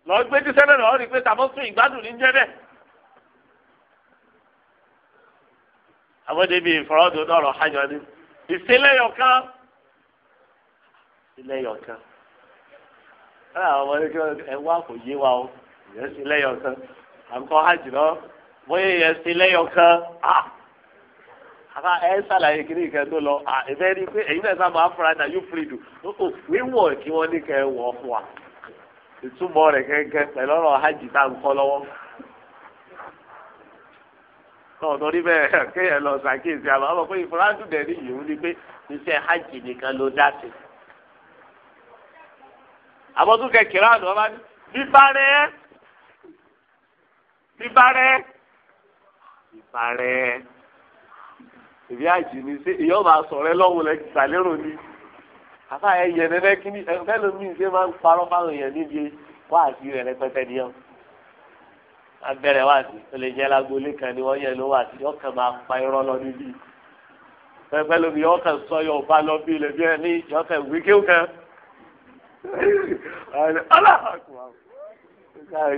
lọ́ọ́ gbé tí lọ́ọ́ rí pé tàmọ́tò ìgbádùn ní jẹ́ bẹ́ẹ̀. àbọ̀dé bíi ìfọ̀rọ̀dù lọ́rọ̀ hajj ni ìsílẹ̀yọ̀kan ìsílẹ̀yọ̀kan ẹ̀rọ àwọn ọmọdé kí ẹ wá kò yé wa o ìyẹn sílẹ̀yọ̀kan àǹkọ́ hajj lọ bóyá ìyẹn sílẹ̀yọ̀kan a àbá ẹ sàlàyé kiri ìkẹ́ tó lọ à ẹ̀fẹ́ rí pé èyí náà sábà afra yóò firi dù ó wíwọ̀ kí wọ́n ní kẹ́ wọ̀ fún wa ìtumọ̀ rẹ̀ kẹ́kẹ́ pẹ̀lú ọ̀rọ̀ hajj tá à ń kọ́ lọ́wọ́ tọ̀tọ̀ níbẹ̀ kéèyàn lọ ṣàkíyèsí àmọ́ ọmọ pé ìfúráṣù dẹ̀rí yìí ni pé iṣẹ́ hajj nìkan ló dá sí. àbọ̀tún kẹkẹrẹ àná ọba ní bíbárẹ́ bíbárẹ́ bíbárẹ́ ìbí àjì ni ṣé ìyá ọba sọ̀rọ̀ ẹ lọ́wọ́ lẹ gbàlérò ni àbá ẹ yẹn nẹ́nẹ́ kí ni ẹ fẹ́ lómi ṣe máa ń parọ́ fáwọn èèyàn níbi wáàsí rẹ̀ rẹpẹtẹ nìyẹn abẹ́rẹ́ wà sí ó lè jẹ́ lágbolé kan ni wọ́n yẹ ló wà sí ọkàn máa pa irọ́ lọ níbí pẹpẹ lómi ọkàn sọ yọ ọba lọ bí ilẹ̀ bí ẹ ní ọkàn ìwé kéwù kan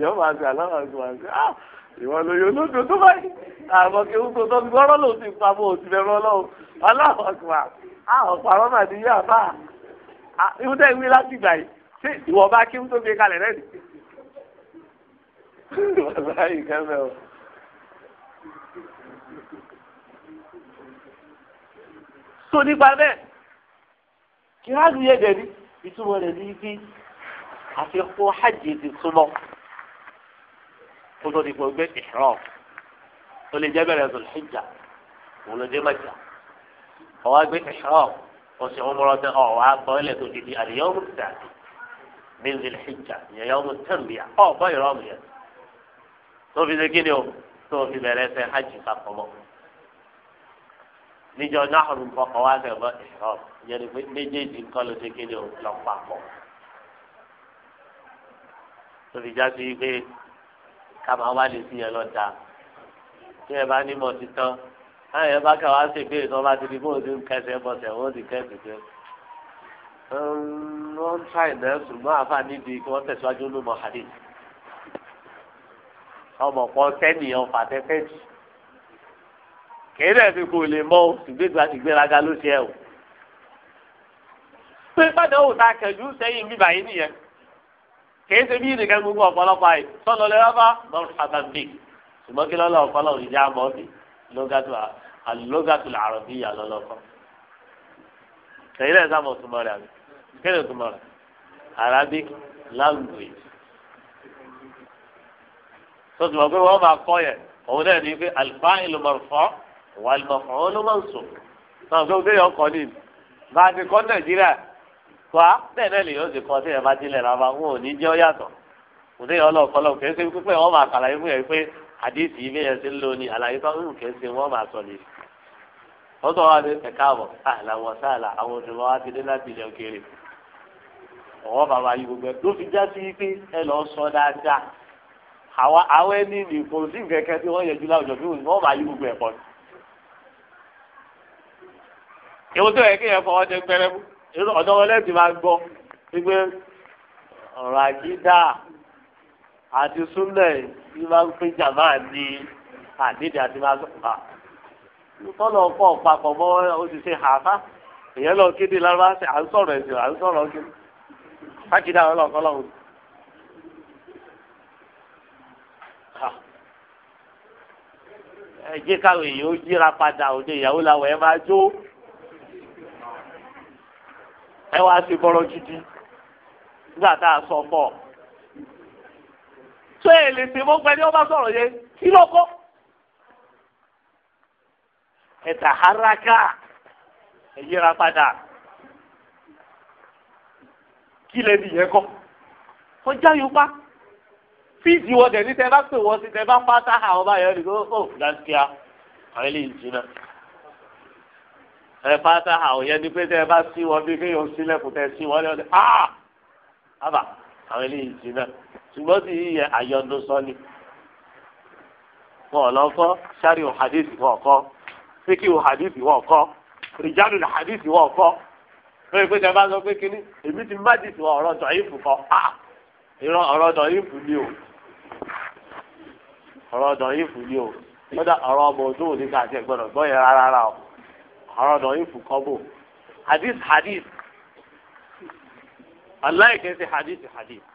yọ máa sọ aláwọ̀ àgbà ṣe ah, ìwọ ló yọ lódò tó báyìí àmọ́ kéwù tó tọ́ ah, ní gbọ́rọ́ lòdì pamọ́ òsì bẹ̀rẹ̀ ọlọ́run aláwọ̀ àgbà àwọn pàrọ̀ màdìyà bá ìwúdẹ̀ ìwé láti gbà yìí ṣé ìwọ bá kéwù tó gbé kalẹ̀ rẹ̀ nìyí wàláyé kẹfẹ o. so nípa bẹ́ẹ̀ kí á lu yẹ̀dẹ̀ ní ìtumọ̀ rẹ̀ ní bí àfikún hajj ti súnmọ́ kó tó di pé gbé ìhrọ́m ó lè jẹ́ bẹ̀rẹ̀ zòlù hijja òun ló dé mẹ́ta ọ̀wá gbé ìhrọ́m oṣù ọmọlọ́dẹ ọ̀wá bọ́ọ̀lẹ̀ tó di di àdìyẹ́wò tàbí ní zòlù hijja ìyẹn yẹ́wò tẹ̀m̀bìyà ọ̀ bọ́ ìrọ́mù yẹn tó fi ṣe kí ni o tó fi bẹ̀rẹ̀ ṣe hajj papọ̀ mọ́ níjọ náhùrù kọkọ wá sẹ̀ bọ́ ìṣọ́ yẹn ni pé méjèèjì nǹkan ló ṣe ni o lọ papọ̀ tó fi já sí pé kàmá wá lè fi yẹn lọ da tí ẹ bá nímọ̀ ti tán láyé bá kà wá sí ìbéèrè tó bá ti di bóun ti ń kẹsẹ̀ bọ̀sẹ̀ wọ́n ti kẹ́sì pé wọ́n ń ṣàìdẹ́ ṣùgbọ́n àfa nídìí kí wọ́n tẹ̀síwájú ló mọ̀ hadith ọmọ kan sẹ́niyàn fàtẹ́fẹ́ jù kìí dẹ̀ fi kò lè mọ ìgbéraga ló ṣe ẹ̀ o. pé bàdánwò ta kẹ̀jú sẹ́yìn bíbà yìí nìyẹn kìí ṣe bí nìkan gbogbo ọ̀pọ̀lọpọ̀ àyè sọ́nà lẹ́wọ́ bá lọ́rùn àtàǹdì ṣùgbọ́n kí lọ́lọ́ ọ̀pọ̀lọpọ̀ ìjà mọ́ bí lógàtù làárọ̀ bí ìyá kìí dẹ̀ sábà túmọ̀ rẹ̀ àbí kí tó ti mọ̀ pé wọ́n máa kọ́ yẹn òun náà ní pé al-fa'ilu marfu' wal-maf'ulu mansub náà tó gbé yọkọ ní bá a ti kọ́ nàìjíríà kọ́ á bẹ́ẹ̀ náà lè yóò ti kọ́ sí ẹ̀ bá tilẹ̀ rárá wọn ò ní jẹ́ yàtọ̀ òde yẹn ọlọ́ọ̀kọ́lọ́ kìí ṣe pípẹ́ wọ́n máa kàlàyé fún yẹn pé àdéhìsì yìí bẹ́yẹn ti ń lò ní àlàyé tó ń kìí ṣe wọ́n máa sọ nìyí. wọ́n tọ́ wa ní ẹ̀ka àlàwọ̀ sáàlà àwọn òṣèlú wa ti dé láti ilẹ̀ òkèèrè ọ̀wọ́ bàbá yìí gbogbo ẹ̀ ló fi já sí pé ẹ lọ sọ dáadáa àwọn àwọn ẹni ní kò sí kẹ̀kẹ́ tí wọ́n yẹjú láwùjọ bí wọ́n máa yí gbogbo ẹ̀kọ́ ni. ìwọ tó yẹ kí yẹn fọwọ́ ṣe mú ọ̀dọ́ wọlé ti máa gbọ́ wípé ọ̀rọ̀ àjídá àti súnlẹ̀ yìí máa ń pè jàmbá ní àdídì àti máa sọ̀rọ̀ tọ́lọ̀ pọ̀ papọ̀ mọ́ òṣìṣẹ́ àfá èyẹ lọ kéde lárúbá à ń sọ̀rọ̀ ẹ̀sìn à ń sọ̀rọ̀ kéde. ẹ jẹ́ káwọn èèyàn ó yíra padà òde ìyàwó làwọn ẹ máa jó ẹ wá sí bọ́rọ̀ gidi nígbà tá a sọ pọ̀ tó ẹ lè sèmọ́ pẹ̀lú ọba sọ̀rọ̀ yẹn kí ló kọ́ ẹ tàháráká ẹ yíra padà kí lè nìyẹn kọ́ kọjá yóò pa fíìsì wọn tẹ̀ ní tẹ bá pè wọ́n sí tẹ bá pátá oh, àwọn ọba yẹn nìkan ó gàdíà àwọn eléyìí jìnnà. ẹ pátá àwọn yẹn ni pé tẹ bá sí wọn bí kéèyàn sílẹ̀kùn tẹ sí wọn lọ́dẹ áà ábà àwọn eléyìí jìnnà ṣùgbọ́n tí yíyẹ àyọ̀dó sọ ni. wọn ò lọ fọ́ sáré o hadith wọn kọ́ síkì o hadith wọn kọ́ rìjálù hadith wọn kọ́ lórí pé tẹ bá sọ pé kínní èmi ti má dìtì wọn ah! ọ̀rọ̀ ọ̀rọ̀ fún yìí o lọ́dà ọ̀rọ̀ ọmọ ọdún òní ká àti ẹ̀gbọ́n ọ̀gbọ́n yẹn rárá rà o ọ̀rọ̀ fún kọ́bù hadith hadith aláìkẹ́ sí hadith hadith.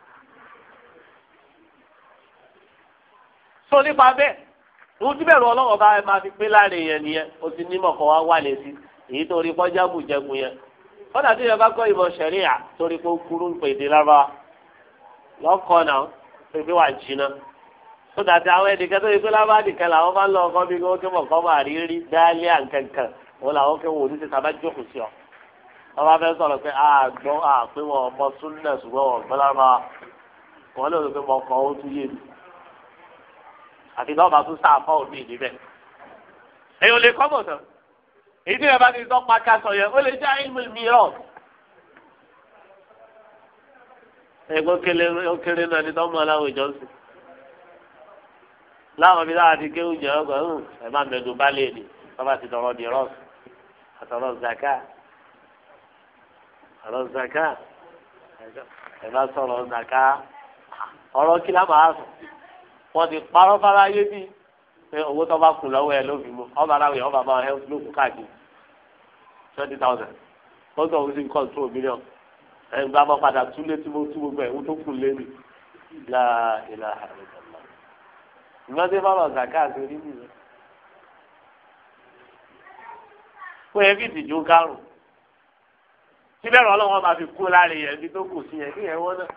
sọ nípa bẹ́ẹ̀ ojú bẹ̀rù ọlọ́wọ́ bá máa fi pín láàrin yẹn nìyẹn o ti nímọ̀ kọ́ wá wà létí èyí tó rí kọjá bùjẹ̀gùn yẹn kọ́dà tí yẹn bá kọ́ ìmọ̀ ṣẹ̀ríà torí pé ó kúrú ń tó dàtí àwọn ẹnìkan tó yẹ pé lábá nìkan làwọn máa ń lọ ọkọ bí wọn kí wọn kọ́ máa rí rí dálé àǹkankan wọn làwọn kí wọn ò ní ti sábà jókòó sí ọ. wọn bá fẹ́ sọ̀rọ̀ pé àgbọ̀ ah, àpé ah, wọn ọmọ súnlẹ̀ ṣùgbọ́n wọn gbọ́ lára wọn lè rò pé mo kọ́ ó tún yé mi. àti náà màá tún sáà fọ́ òbí níbẹ̀. èyí ò lè kọ́ bọ̀ tán èyí tí ìrẹ̀bá ti sọ pa kásọ̀ yẹn ó lè já ìlú mìíràn. ẹgbẹ́ kéré náà ni láwọn bí láwọn ti gé oúnjẹ ọgbà ń ẹ má mẹdùn bá lè bàbá ti tọrọ di rọs àtọrọ zaka ọ̀rọ̀ zaka ẹ má sọ̀rọ̀ zaka ọ̀rọ̀ kí láwọn á sọ wọn ti parọ́ fara yé bí pé owó tó bá kù lọ́wọ́ ẹ ló fi mú ọba aláwẹ ọba bá ẹ ló kù káàkiri twenty thousand wọn sọ wọn sì ń kọ́ two million ẹ gbà bọ́ padà túlé tí mo tú gbogbo ẹ̀ wọ́n tó kù lé mi láà ilà àrùn ìgbọ́n tí fọlọ́ zaka àti onídìí lọ. fún yẹn fi ìtìjú kárùn síbẹ̀rù ọlọ́wọ́n máa fi kú láre yẹn bí tó kù sí yẹn kí yẹn wọ́n náà.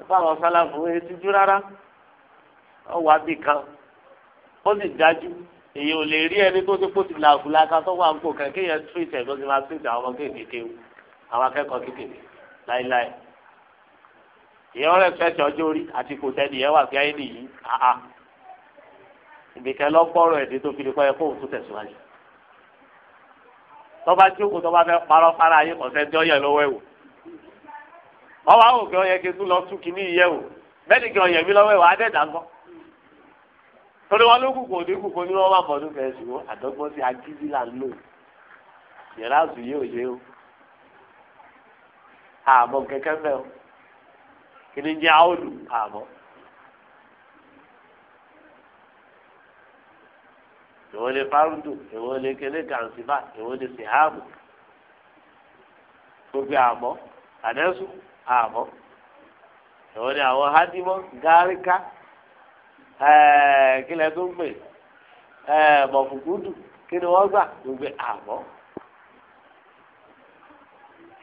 ẹ̀fọ́ àwọn sálàfù ẹ̀ ti jú rárá ọwọ́ abì kan ó sì dájú èyí ò lè rí ẹni tó ti kó ti là fúlà ká tó wà ń pò kàn kéèyàn tírìtì ẹ̀ ló ti máa tírìtì àwọn ọmọ kéékèèké àwọn akẹ́kọ̀ọ́ kéékèèké láéláé ìyẹn rẹ fẹsẹ ọjọ́ orí àti kò tẹni yẹn wà sí ayé nìyí àhà ìbìkẹ lọgbọrọ ẹdín tó fi lè kọyẹ kóhùn tó tẹsíwájú tọba tí òkú tọba fẹ parọ́ fara ayé kọsẹ tí ó yẹ lọ́wọ́ ẹwò ọwọ́ àwọn òkè ọyẹ kí tún lọ tún kí ní ìyẹ wò bẹ́ẹ̀ni kí ọyẹ mi lọ́wọ́ ẹwò adẹdà ńkọ́ torí wọn ló kùkù òní kùkù ní wọn bá bọ ọdún fẹẹ sùn àdọgbọn sí agídílà lò yẹlá sùn òye o àmọ́ kẹkẹ mẹ o kìíní jẹ́ áòlù àmọ́. èwo lè fárúdù èwo lè kele gàǹsìbà èwo lè sèhámù gbogbo àmọ́ àdẹ́sù àmọ́ èwo lè àwọn hádìmọ́ gáríkà kílẹ̀ tó ń pè mọ̀fùkúdù kí ni wọ́n gbà gbogbo àmọ́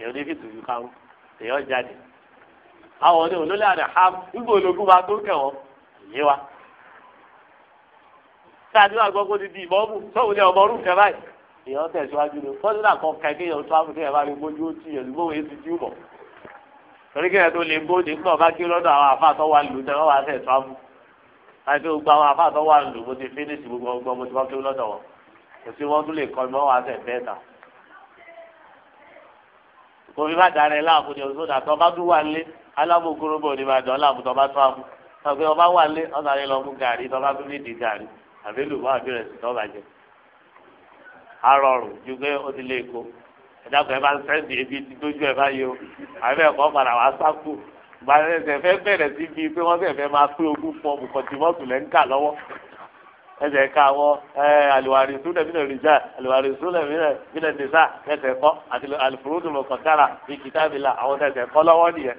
èwo ní fìtìjú kárún èyàn jáde àwọn ọdẹ olólè àdè ha nígbà ológun máa tó kẹwọn yé wa. sáàdì wà gbọ́ ti di ìmọ̀ọ́mù sọ́wọ́n ní ọmọ ọdún kẹfà yìí. èèyàn tẹ̀síwájú ni fọ́nù náà kọ́ ka kéèyàn tó àbùkù ẹ̀ bá rí mójú ó tì yẹn lùmọ́wé ti jú mọ̀. torí kéèyàn tó lè bóde fún ọba kí lọ́dọ̀ àwọn àfa tó wà lù tẹ́wọ́ wà tẹ̀ àbù. láti gbogbo àwọn àfa tó wà lù mo ti fínísì gbogbo mo ti wọ́n kí lọ́dọ̀ wọn. kò sí wọ́n tún lè kọ́ mọ́ wà tẹ̀ bẹ́ẹ̀ ta kòmí bá darẹ̀ láàbò ní ọdún sódà bá dúró wà lé alábòkúróbò ní ma dán láàmú tọba tó àmú tọpẹ ọba wà lé ọ̀nà rẹ lọ mú gàrí tọba tó ní di gàrí àbí lùbọ́ àbí rẹ̀ sì tọ́ba jẹ. arọrùn ju pé ó ti lé èkó ẹ̀dàpọ̀ ẹ bá ń sẹ́ǹdì ebi ti dójú ẹ báyìí o àbí ẹ̀kọ́ padà wá sákò gbàdẹ́sẹ̀ fẹ́ bẹ̀rẹ̀ sí bíi pé wọ́n fẹ́ẹ́ máa pé ogún fọ́ọ̀mù kọ̀tìmọ́tò lẹ́ ń kà lọ́wọ́ ẹsẹ̀ ká wọ ẹ àlùwárí sùn lẹ́mí lẹ́mí jà àlùwárí sùn lẹ́mí lẹ́mí lẹ́mí sà ẹsẹ̀ kọ́ àti àlùfòrúdùmọ̀ kọ̀tàrà bíi kìtàbílà àwọn ẹsẹ̀ kọ́ lọ́wọ́ nìyẹn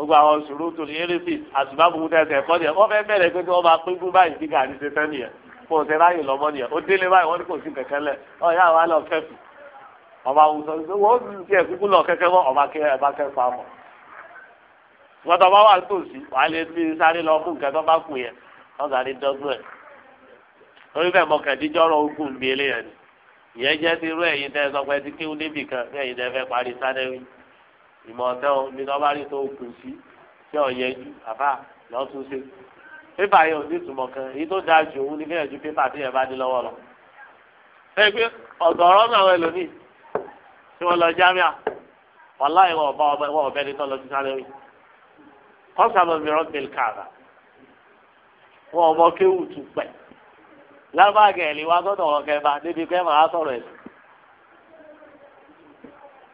gbogbo àwọn sùúrù tó ní eréfì àtùbábùkù tẹsẹ̀ ẹ̀kọ́ nìyẹn wọ́n fẹ́ bẹ̀rẹ̀ pé kí wọ́n máa pín fún báyìí bí gàrí ṣe tán nìyẹn kó o ṣe ráyè lọ́mọ nìyẹn ó délé báyìí wọ́n ní kò sí kẹ̀kẹ́ lẹ̀ ọ̀yá àwa lọ kẹ́fì ọba àwùjọ wọ́n ti ẹ̀ kúkú lọ kẹ́kẹ́ mọ́ ọba kẹ́ ẹ̀bá kẹ́fà mọ́. wọ́n tọ́ bá wà tòsí wàá lè fi sáré lọ fún nǹkan tó bá kù yẹn wọ́n sáré dọ́gbọ́n ẹ̀ ìmọ̀ ọ̀tẹ́ o mi lọ́ọ́ rí tó kù sí tí ò yẹ ju àbá lọ́ọ́ tún ṣe pépà yẹn ò ní ìtumọ̀ kan èyí tó dáa ju òun ní kéèyàn ju pépà tí yẹn bá dé lọ́wọ́ lọ. ẹ pé ọ̀dọ̀ ọ̀rọ̀ náà wọ ẹlòmíì tí wọ́n lọ jámíà wàhálà ìwọ ọba ọba ọbẹ̀ ní tọ́lọ́ títà lórí kọ́sàmọ̀ mìíràn bẹ̀rẹ̀ kàrà wọn ọmọ kéwù tù pẹ̀ lábàgẹ̀ẹ́lì wa gbọ́dọ̀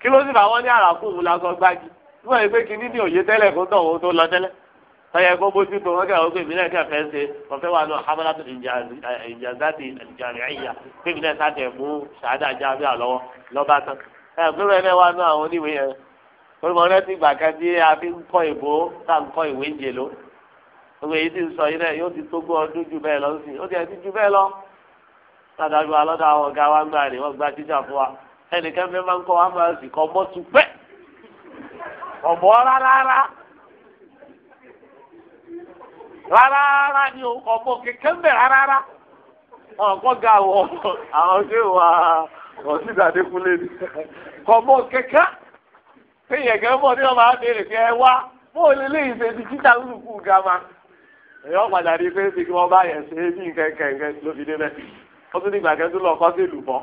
kí ló sì bá wọn ní àràkù òun lásán gbági tí wọ́n yẹ pé kínní ní òye tẹ́lẹ̀ kó tọ̀ òun tó lọ tẹ́lẹ̀ tọ́yẹ kó bójú tó wọ́n kẹ́ ọ̀gbìn ìbílẹ̀ kẹ́ fẹ́ ṣe ọ̀fẹ́ wa náà hamalatu ìjàzáti ìjàrìíyà pé ìbílẹ̀ sáfẹ̀ mú ṣáádà já bí àlọ́wọ́ lọ́ba tán. ẹ gbẹ́rọ ẹgbẹ́ wa náà àwọn oníwèé yẹn olùmọ̀ rẹ ti gbà kan tí a fi ń kọ́ ìbò tá à ń kọ́ ìwé ìjè ló. gbogbo èyí ti sọ yìí náà yóò ti tó gbọ́ ọdún jù bẹ́ẹ̀ lọ sí i ó ti ẹ̀ ti jù bẹ́ẹ̀ lọ. sàdájú alọ́dà àwọn ọ̀gá wa gbà ní wọ́n gba tíjà fún wa ẹnìkan fẹ́ máa ń kọ́ amúrasì kọ́ ọmọ tún pẹ́ ọ̀bọ̀ rárá rárá ni kẹ̀kẹ́ ń bẹ̀ rárá ga àwọn ṣé wà ọ̀sìn ni ọmọ kẹ̀kẹ́ kéèyàn kẹ́ mọ̀ ní ọmọ abèrè kẹ́ ẹ wá bóò lè lè ti títà lùkù gama padà rí pé bá ṣe é ló fi dé ó tún lọ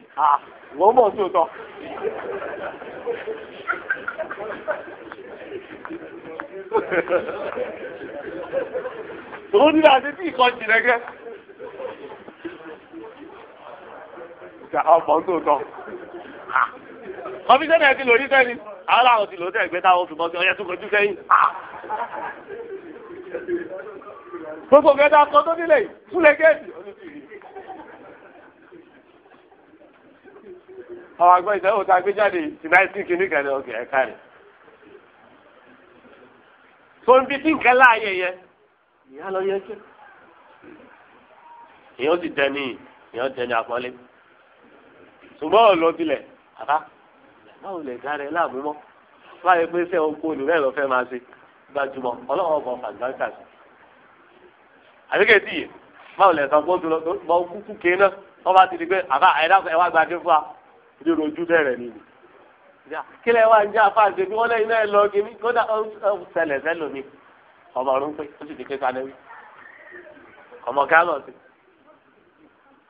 wọ́n mọ̀ sí òótọ́. tòun nílò àti tí ìkan jìnnà gẹ́. ọmọ tó tọ́ kọmíṣánná ẹ ti lò ní sẹ́ni àwọn làwọn ti lò ó tẹ̀gbẹ́ táwọn fi mọ́ sí ọyẹ tó kojú sẹ́yìn. gbogbo kẹta kan tó nílẹ̀ yìí fúnlẹ̀ gẹ́ẹ̀tì ọwọ́ agbọ́ ìdánwò tá gbé jáde kìíní kan ní ọkẹ́ ẹ̀ka rẹ̀. tó ń bí tí nǹkan láàyè yẹ ìyá lọ yẹ kí. èèyàn sì dẹni èèyàn dẹni àpọ́nlé. ṣùgbọ́n ò lọ bilẹ̀ báwo lè dára lọ fẹ́ máa ṣe gbajúmọ̀ ọlọ́wọ́ kan fàgbáńkà sí. àbíkẹ́ tí báwo lè sọ pé ó kúkú kéé náà wọ́n bá ti di pé àbá ẹ̀dá ẹ̀wá fún ríro ojú bẹ̀rẹ̀ ni. kílẹ̀ wá ń jẹ́ afáàṣẹ bí wọ́n lẹ́yìn náà lọ gèmí kódà ó ṣẹlẹ̀ sẹ́lò mi ọmọ ọdún pé ó sì di kéka náà wí ọmọ gánà sí.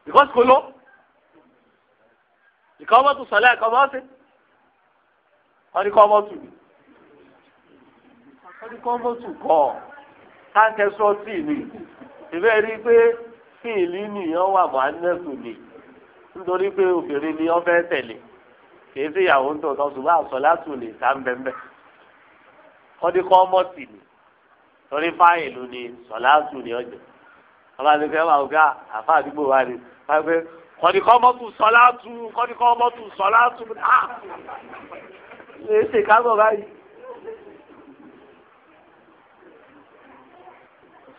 because kò lọ ìkọ́ ọmọ tó sọ̀lẹ́ ẹ̀kọ́ ọmọ sí wọ́n kọ́ ọmọ tù wọ́n kọ́ ọmọ tù kọ́ ọ káńkẹ́ sọ́ọ̀tì ni ìbẹ́ẹ̀ rí i pé fíìlì nìyẹn wà mọ́ anẹ́sùn ni nítorí pé obìnrin ni wọ́n fẹ́ kì í sí ìyàwó ń tọ̀tọ̀ ṣùgbọ́n àsọ̀látù lè sá mbẹ́mbẹ́ wọ́n ní kọ́mọ́tì ni torí fáìlù ni sọ̀látù ni ọ̀jẹ̀ ọba ti fẹ́ wà àfa àdúgbò wa ni wọ́n fẹ́ kọ́díkọ́mọ́tù sọ̀látù kọ́díkọ́mọ́tù sọ̀látù ah lè ṣe báyìí.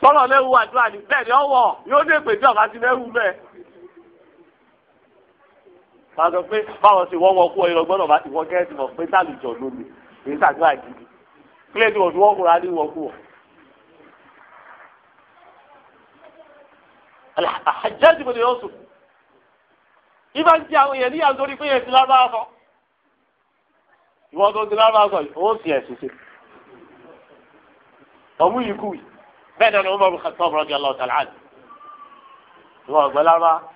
sọ́lọ̀ lẹ́wù àdúrà ni bẹ́ẹ̀ ni ọ̀wọ̀ yóò dé pèjọ́ àbátí lẹ́wù bẹ́ẹ̀ ká pé báwọn ṣe wọ́n wọn kú ọyọ gbọ́dọ̀ bá ti wọ́n kẹ́rẹ́tì mọ̀ pé sàlùjọ ló lè èyí sàdúrà gidi kílẹ̀ tí wọ́n fi wọ́n kúra ní wọ́n kú wọ́n. àjẹ́jì mi ni yóò sùn ibà ń jẹ àwọn èèyàn níyà nítorí pé èsì lábára sọ ìwọ́n tó ti lábára sọ yìí ó sì ẹ̀sùn sí ọmú yìí kú yìí bẹ́ẹ̀ ni ọmọ mi kàtọ́ ọ̀bùrọ̀ di ọlọ́ọ̀tà láàyè ìwọ́n ọ̀gbẹ́ lábára.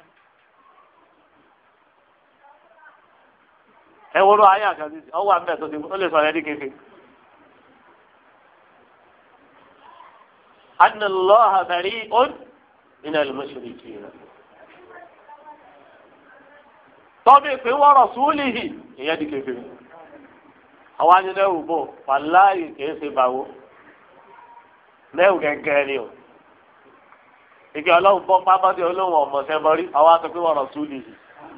ẹ wọ́n lọ ayé àgàdì ọwọ́ àmì ẹ̀sọ́ ti ó lè sọ ẹni kékeré. anilọ́ àbẹ̀rí ọ́n nínú ẹlòmọ́sọ̀rọ̀ ìkì rẹ̀. tọ́bí pé wọ́n rọ̀ súlìhì ìyẹn di kékeré. àwọn anilẹ́wò bò wàláyé kìí ṣe báwo lẹ́wù gẹ́gẹ́ ni o. ìgbà ọlọ́run bọ́ pápá tí olóhùn ọ̀mọ̀ọ́sẹ́ bọ́rí àwọn àtọ́kùn wọ́n rọ̀ súlìhì.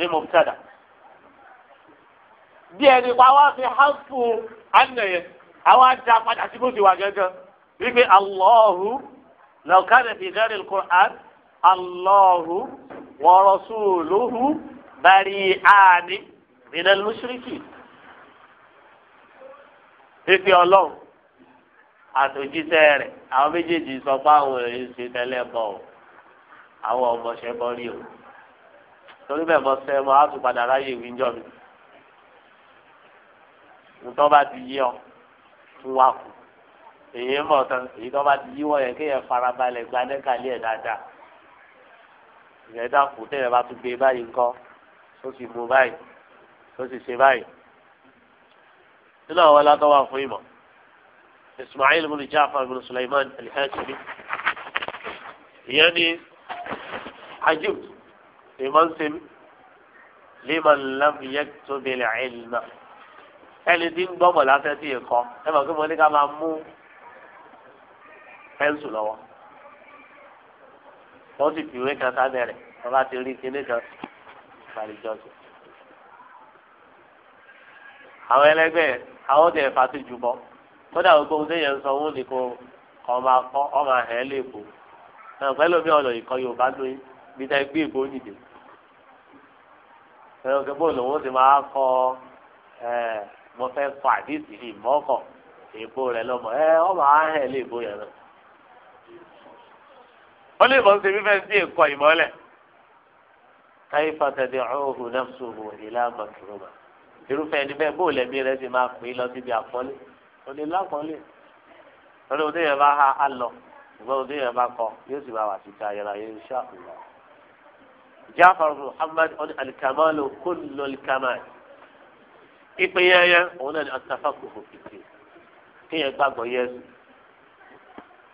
ní mọ̀tàdà. bí ẹni pa wá fi hàfù ànàyẹ àwọn ajá padà sí bó ti wà gángan wípé alọ́ọ̀hù lọ́kàdà fi gẹ́rẹ́ kùrán alọ́ọ̀hù wọ́rọ̀sùlùhù bari àní nínú lùsírìkì. fífi ọlọ́run àtòjíṣẹ́ rẹ̀ àwọn méjèèjì sọ pé àwọn èèyàn ń ṣe tẹ́lẹ̀ bọ̀ ọ́ àwọn ọmọọṣẹ́ bọ́ rí o torí bẹ́ẹ̀ mọ sẹ́ mọ àtún padà ráyè ìwé ńjọ mi ntọ́ bá ti yé ọ tún wá kù èyí mọ̀ tán èyí tó bá ti yí wọ̀ yẹ kéèyàn farabalẹ̀ gba nẹ́kàlẹ́ ẹ̀ dáadáa ìyẹn dàkú tẹ̀yẹ̀ bá tún gbé báyìí ńkọ́ tó sì mú báyìí tó sì ṣe báyìí nínú àwọn alátọ́ wà fún ìmọ̀ Ismail ibn Ja'far ibn Sulaiman al-Hashimi ìyẹn ni ajib èèmọ̀ ń ṣe mí liman lam yaktubi al-ilma ẹni tí ń gbọ́mọ̀ láfẹ́ sí ẹ̀kọ́ ẹ mọ̀ pé mo ní ká máa mú pẹ́ńsù lọ́wọ́ wọ́n sì fi ìwé kan sábẹ́ rẹ̀ wọ́n bá ti rí kinní kan ìbàlíjọ́sìn. àwọn ẹlẹgbẹ́ àwọn tẹ̀ fàtí jù bọ́ kódà gbogbo ohun tẹ̀yẹ̀ ń sọ wọn ni kò ọmọ akọ ọmọ ahẹ́ lè bò náà pẹ́lú mi ọ̀nà ìkọ́ Yorùbá lóyún bí táyé gbé ìbò nìdè ẹ̀rọ kẹ́ bóòlù wọn ti máa kọ ẹ̀ mo fẹ́ kọ àdìsí ní ìmọ̀ọ́kọ̀ èèbó rẹ̀ lọ́mọ ẹ̀ ọ máa hẹ̀ lé èèbó yẹn lọ. wọ́n lè mọ̀ ṣe fífẹ́ sí èkó ìmọ̀lẹ̀ káyé fàtẹ̀dẹ̀ ọ̀hún náà sọ̀rọ̀ ìlà màkìrọ̀mà irúfẹ́ ẹni bẹ́ẹ̀ bóòlù ẹ̀mí rẹ̀ ti máa pè é lọ síbi àpọ́nlé òní lápọ́nlé lọ́dọ̀ òdeyẹ̀ bá ha á lọ ìgbọ́n òdeyẹ̀ bá kọ yóò jaafar muhammad ọni alikamalu kullu alikamal ìpínyẹyẹ òun náà ni atafaku òfìsì kéèyàn gbàgbọ́ yẹsù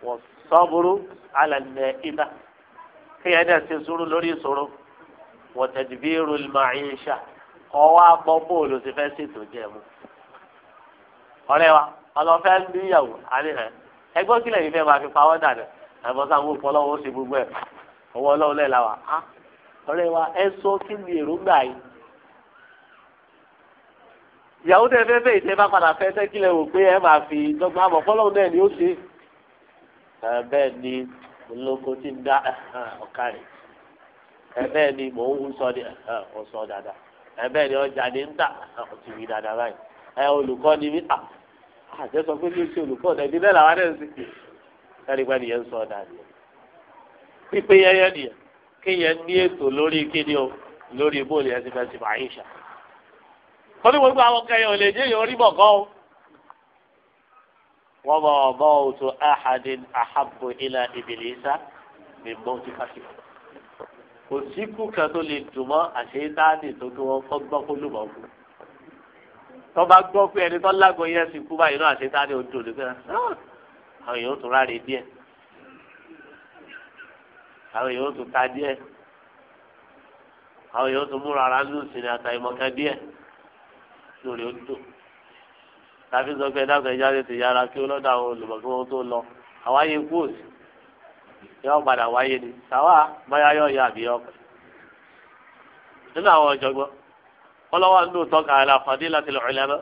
wọ́n sọ́bùrú alànà ibà kéèyàn náà ti sùúrù lórí ìṣòro wọ́n tẹ̀dìbírù màáyíṣà ọwọ́ abọ́ bóòlù ti fẹ́ ṣètò jẹ́ mu. ọ̀rẹ́ wa ọlọ́fẹ́ níyàwó àníhàn ẹgbọ́n kílẹ̀ yìí fẹ́ máa fi pawọ́ dànù àbọ̀sán gbogbo ọlọ́wọ́ ó ṣe gbogbo ẹ̀ ọwọ́ ọlọ́wọ́ lẹ́la wa ah, ọ̀rẹ́ wa ẹ sọ kí ni èròǹgbà yìí ìyàwó tẹ fẹ́ fẹ́ ìtẹ́ bá padà fẹ́ sẹ́kílẹ̀ wò pé ẹ máa fi dọ́gba àmọ́ fọlọ́hún náà ni ó ṣe bẹ́ẹ̀ ni olóko ti ń dá ọ̀ka rẹ̀ bẹ́ẹ̀ ni mò ń sọ ni bẹ́ẹ̀ ni ọjà ni ń tà dada mi dáadáa báyìí olùkọ́ ni mí tà sọ pé kí ṣe olùkọ́ ọ̀dà làwọn ẹ̀ ń sìn kí ń sọ kéèyàn ní ètò lórí kíni o lórí bóòlù ẹ ti fẹ́ sí fàáyíṣà. wọ́n ní gbogbo àwọn kẹyìn ò lè jẹ́ èèyàn orí bọ̀kọ́ o. wọ́n bọ̀ ọ̀bọ̀ òtò ahadin ahabbo ilà ìbìlísà ní bọ́ọ̀tì káfíà. kò sí kú kan tó lè dùn mọ́ àṣeyítáàdì tó kí wọ́n fọ́ gbọ́ kó lùmọ̀ kú. tó bá gbọ́ pé ẹni tó lágbo yẹn ti kú báyìí náà àṣeyítáàdì ò dùn ní pé ah! àwọn èèyàn ò tún ráre díẹ̀ àwọn èèyàn tún ta díẹ̀ àwọn èèyàn tún múra ara ní òsì ní ata ìmọ̀ká díẹ̀ lórí odò tàbí sọ pé dákẹ́ jáde ti yára kí ó lọ́dọ̀ àwọn olùmọ̀ kí wọ́n tó lọ àwọn ayé kú òsì yọ padà wáyé ni sàwa báyà yọ ya àbí yọ pẹ̀ nínú àwọn ọ̀jọ̀gbọ́n ọlọ́wọ́ nínú tọ́ka àlà fàdí láti lọ ìlẹ̀ náà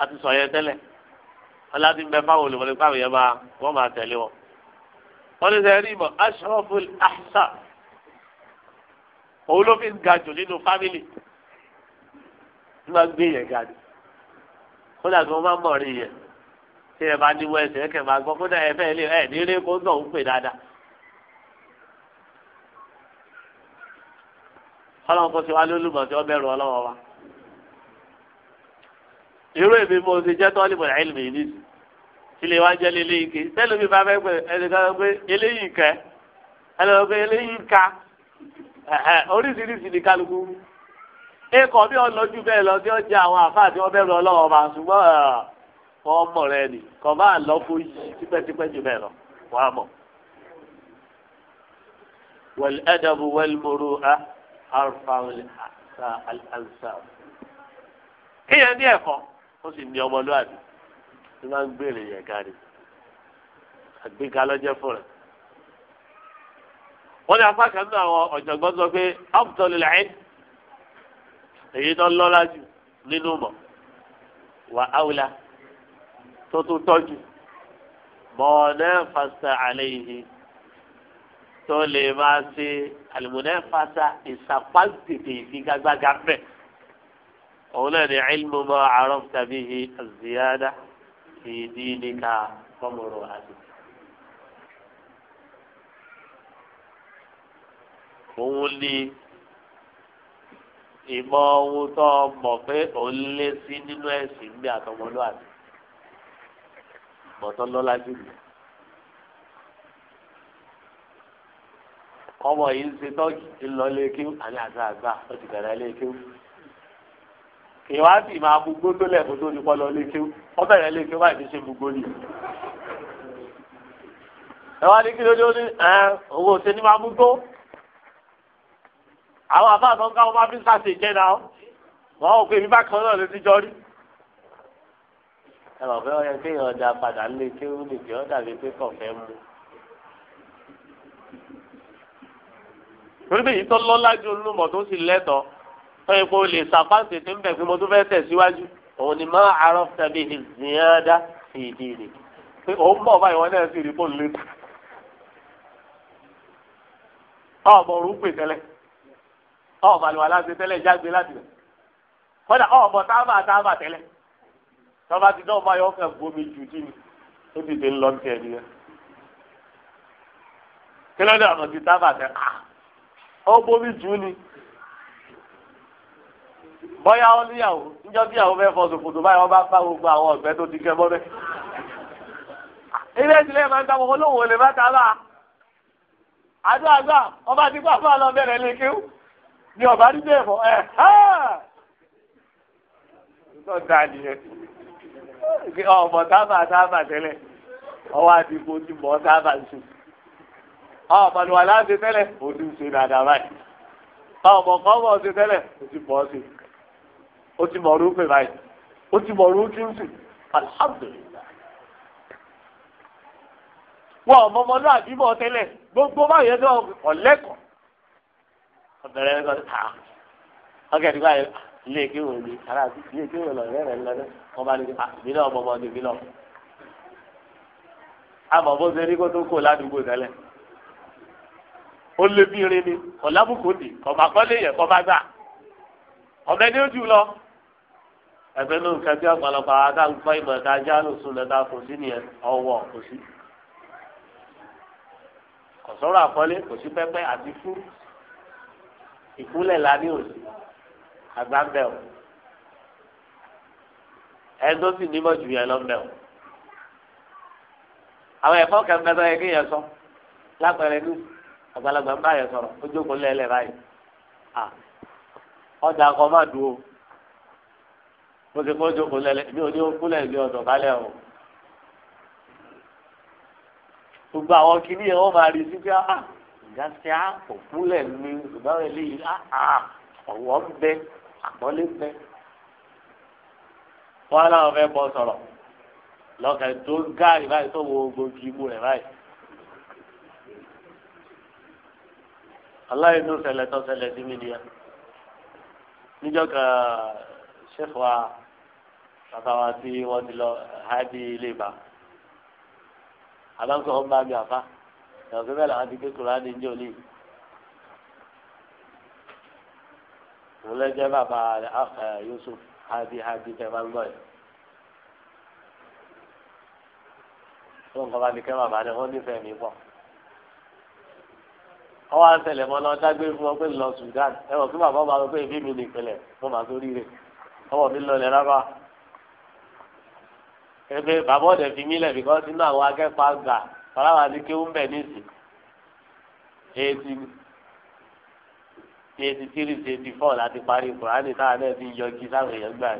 a ti sọ yẹn tẹ́lẹ̀ ọlá ti bẹ fáwọn olùmọ̀ nípa àwọn yẹn máa wọ́n máa tẹ̀lé wọn wọ́n ní sẹ́yìn rí mọ̀ ashraful ahsa òun ló fi ń ga jù nínú fámìlì tí wọ́n gbé yẹn ga ni kódà kí wọ́n má mọ̀ rí yẹn tí ẹ bá ní wẹ́ẹ̀sì ẹ kẹ̀ máa gbọ́ kódà ẹ fẹ́ lé ẹ ní kó ń ń pè dáadáa. ọlọ́run kò sí wa lólùmọ̀ tí wọ́n bẹ̀rù ọlọ́wọ́ wa. irú èmi mo ti jẹ́ tọ́lìmọ̀ ẹ̀ẹ́lì mi nìyí ilé wa jẹ́ lé léyìn kìí sẹ́lẹ̀ mi bá fẹ́ pé ẹnìkan pé eléyìí kẹ́ ẹnìkan pé eléyìí ka oríṣiríṣi ní kálukú ẹkọ bí wọn lọ jù bẹ́ẹ̀ lọ bí wọn jẹ àwọn àfáà tí wọn bẹ̀rù Ọlọ́run ọba ṣùgbọ́n wọn mọ rẹ nì kọ bá lọ fún yìí tipẹ́tipẹ́ jù bẹ́ẹ̀ lọ wọn mọ. wal adabu wal muru'a arfa'ul ansa. kíyẹn ní ẹ̀kọ́ ó sì ní ọmọlúwàbí tí máa ń gbèrè yẹn kárí àgbéga lọ́jọ́ fún rẹ̀. wọ́n ní apá kan nínú àwọn ọ̀jọ̀gbọ́n sọ pé abdul ain èyí tó lọ́lá jù nínú mọ̀ wà áwùlá tó tún tọ́jú mọ̀ọ́nẹ́ fasa àlẹ́ yìí tó lè máa ṣe àlùmọ́nẹ́ fasa ìsàpáǹtìtì ìfigagbága bẹ́ẹ̀ òun náà ní ilmu ma arafta fi díníkà fọ́mọ̀rọ̀ àti. ni ìmọ̀ ohun tó mọ̀ pé òun lé sí nínú ẹ̀sìn ní àtọmọlúwàbí bọ̀tọ́ lọ́la jù lọ. ọmọ yìí ń ṣe tọ́jú ńlọ lé kíw àní àgbà àgbà ó ti bẹ̀rẹ̀ lé kíw èèyàn á sì máa gbogbo tó lẹ́ẹ̀kó tó ní kọ́ lọ lé kéwú wọ́n bẹ̀rẹ̀ lé kéwú àìsí ṣe gbogbo ni. ẹ wá ní kí ló dé ó ní owó ṣe ní máa gbogbo àwọn àbá tó ń káwọn bá fi ń sàṣe ìjẹ́ náà wọ́n ò pé ibi bá kan náà ló ti jọ rí. ẹ bàbá ọyọ kéèyàn ọjà padà lé kéwú nìkẹ́ ọ̀dà bíi pé kàn fẹ́ mú. torí bí èyí tó lọ́lá ju olúmọ̀ tó sì lẹ́tọ̀ọ́ fẹ́ẹ́ kó lè sàpáǹtì tí ń bẹ̀ pé mo tún fẹ́ tẹ̀síwájú òun ni máa àárọ̀ tàbí ìzìyàdá ìdí rẹ̀ pé òun bọ̀ báyìí wọn náà sì rí bóun létí. ọ̀bọ̀ òru pè tẹ́lẹ̀ ọ̀bọ̀ àlùwà láti tẹ́lẹ̀ jágbe láti rẹ̀ kọ́dà ọ̀bọ̀ táàbà táàbà tẹ́lẹ̀ tọ́ba ti dán ọba yọ ọkọ̀ gbomi jù jí ni ó ti dé lọ tiẹ̀ ni ẹ. kí ló dé ọ̀nà ti táàbà tẹ́ ọ gbomi jù ni bọ́yá ó níyàwó níjọ́ tíyàwó fẹ́ fọ́ sòfòtò báyìí wọ́n bá pa gbogbo àwọn ọ̀gbẹ́ tó ti kẹ́ bọ́bẹ́. ilé ìdílé máa ń ta gbogbo olówó lè má ta bá a. àdúrà gbà wọ́n bá ti gbà fún àlọ́ bẹ̀rẹ̀ lè kíw ni ọ̀bá ní bẹ́ẹ̀ fọ́ ẹ̀ tó da nìyẹn ọmọ tábà tábà tẹ́lẹ̀ ọwọ́ àdìgbò ti mọ̀ tábà ń sùn ọmọ ni wà láti tẹ́lẹ̀ òdì ń ṣe dáadáa báyìí ọmọ kọ́ ó ti mọ̀ ọ́rùn pè báyìí ó ti mọ̀ ọ́rùn kí n sùn alhamdulilayi. wọn ò mọmọdé àbímọ tẹ́lẹ̀ gbogbo báyìí ẹgbẹ́ ọ̀lẹ́kọ̀ọ́ ọ̀bẹ̀rẹ̀ ẹgbẹ́ ta ọ̀gẹ̀dì báyìí ilé kéwòn ni ara ilé kéwòn lọ rẹ̀ rẹ̀ lọ́dẹ wọn bá ní kí àbílẹ̀ ọmọmọdé mi lọ. àmọ́ bó ṣe rí kó tó kó ládùúgbò tẹ́lẹ̀ ó lé bí irin ni ọ̀làbùkù ni kọ̀ọ̀mà kọ́lé yẹn kọ́ bá gbà ni ó jù lọ ẹgbẹ́ ló ń kẹ́ bí ọ̀pọ̀lọpọ̀ àwọn tá ń gbọ́ ìmọ̀ tá a já lòsùn lẹ́ta kò sí nìyẹn ọwọ́ kò sí. kò sọ̀rọ̀ àkọlé kò sí pẹ́pẹ́ àti fún ìkúnlẹ̀ la ní òsì àgbà ń bẹ̀ o ẹni tó sì nímọ̀ jù yẹn lọ ń bẹ̀ o. àwọn ẹ̀fọ́ kẹ́kẹ́ tó yẹ kí yẹn sọ lápẹẹrẹ ní àgbàlagbà ń bá yẹn sọ̀rọ̀ ó jókòó lẹ́lẹ̀ báyìí mo ti kó jókòó lẹ́lẹ́ mi ò ní okú lẹ́ ilé ọ̀dọ̀ kálẹ̀ o. gbogbo àwọn kìíní yẹn wọ́n máa rí sí pé ah, ah ìjà sí á òkú lẹ̀ mi ṣùgbọ́n eléyìí ah, ah ọ̀wọ́ ń bẹ àpọ́nlé ń bẹ. wọ́n á láwọn fẹ́ bọ́ sọ̀rọ̀ lọ́kẹ́ tó ń gáàrí báyìí tó wo gbogbo imú rẹ̀ báyìí. aláìní ó tó ṣẹlẹ̀ sí mi nìyẹn níjọ́ kan ṣẹ́fọ̀ a bàbá wa tí wọ́n ti lọ hábì ilé ìbá àbáńsọ ọmọ àbí àfa ẹ̀rọ pé bẹ́ẹ̀ làwọn ti ké kúránì ní òní. òun lẹ́jẹ́ bàbá ah, Yusuf hábì hábì tẹ́ máa ń gbọ́ yẹn. wọn kọ́ bá ní kẹ́ bàbá rẹ̀ wọ́n nífẹ̀ẹ́ mi pọ̀. ọwọ́ àtẹlẹ mọ́ náà dágbé fún ọ pé lọ Sudan ẹ̀rọ pé bàbá ọba rẹ pé ìbí mi nìpínlẹ̀ mo máa tó rí rẹ̀ ọwọ́ mi lọ lẹ́ rábà pé bàbá ọ̀dẹ̀ fi mí lẹ̀ bìkọ́ sínú àwọn akẹ́kọ̀ọ́ àgbà fọláwà ní kéwú ń bẹ̀ níìsì eighty eighty three eighty four láti parí kùránì táwọn náà ti yọjú sáwọn èèyàn gbà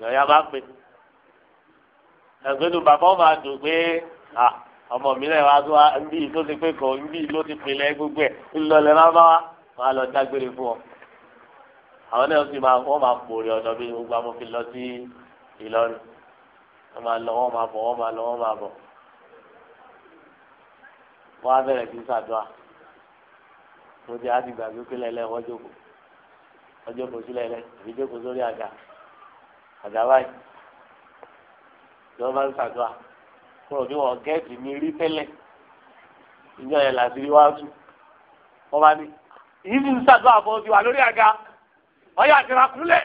ìyọ̀yà bá pè ẹ̀gbẹ́nu bàbá ọmọ àdùn pé ọmọ mi náà wá tó wá ń bí tó ti pé kọ ń bí ló ti pinlẹ̀ gbogbo ẹ̀ ńlọlẹ̀ máa bá wa máa lọ dágbére fún ọ àwọn náà sì máa wọ́n máa pòrè ọ̀dọ́ bí gbogbo amófin lọ sí Ìlọrin wọ́n máa lọ wọ́n máa bọ̀ wọ́n máa lọ wọ́n máa bọ̀ wọ́n á bẹ̀rẹ̀ sí sàdúrà mo jẹ́ àdìgbà gbígbé lẹ́lẹ́ wọ́n jókòó wọ́n jókòó sílẹ̀ lẹ́ èmi jókòó sórí àga àga báyìí tí wọ́n bá ń sàdúrà mo rò bí wọ́n gẹ́ẹ̀tì mi rí tẹ́lẹ̀ ìjọ yẹn làbí wá tú wọ́n bá ní èyí ti ń sàdúrà fún ọ ti lórí àga ọ̀yà àtìrákúnlẹ̀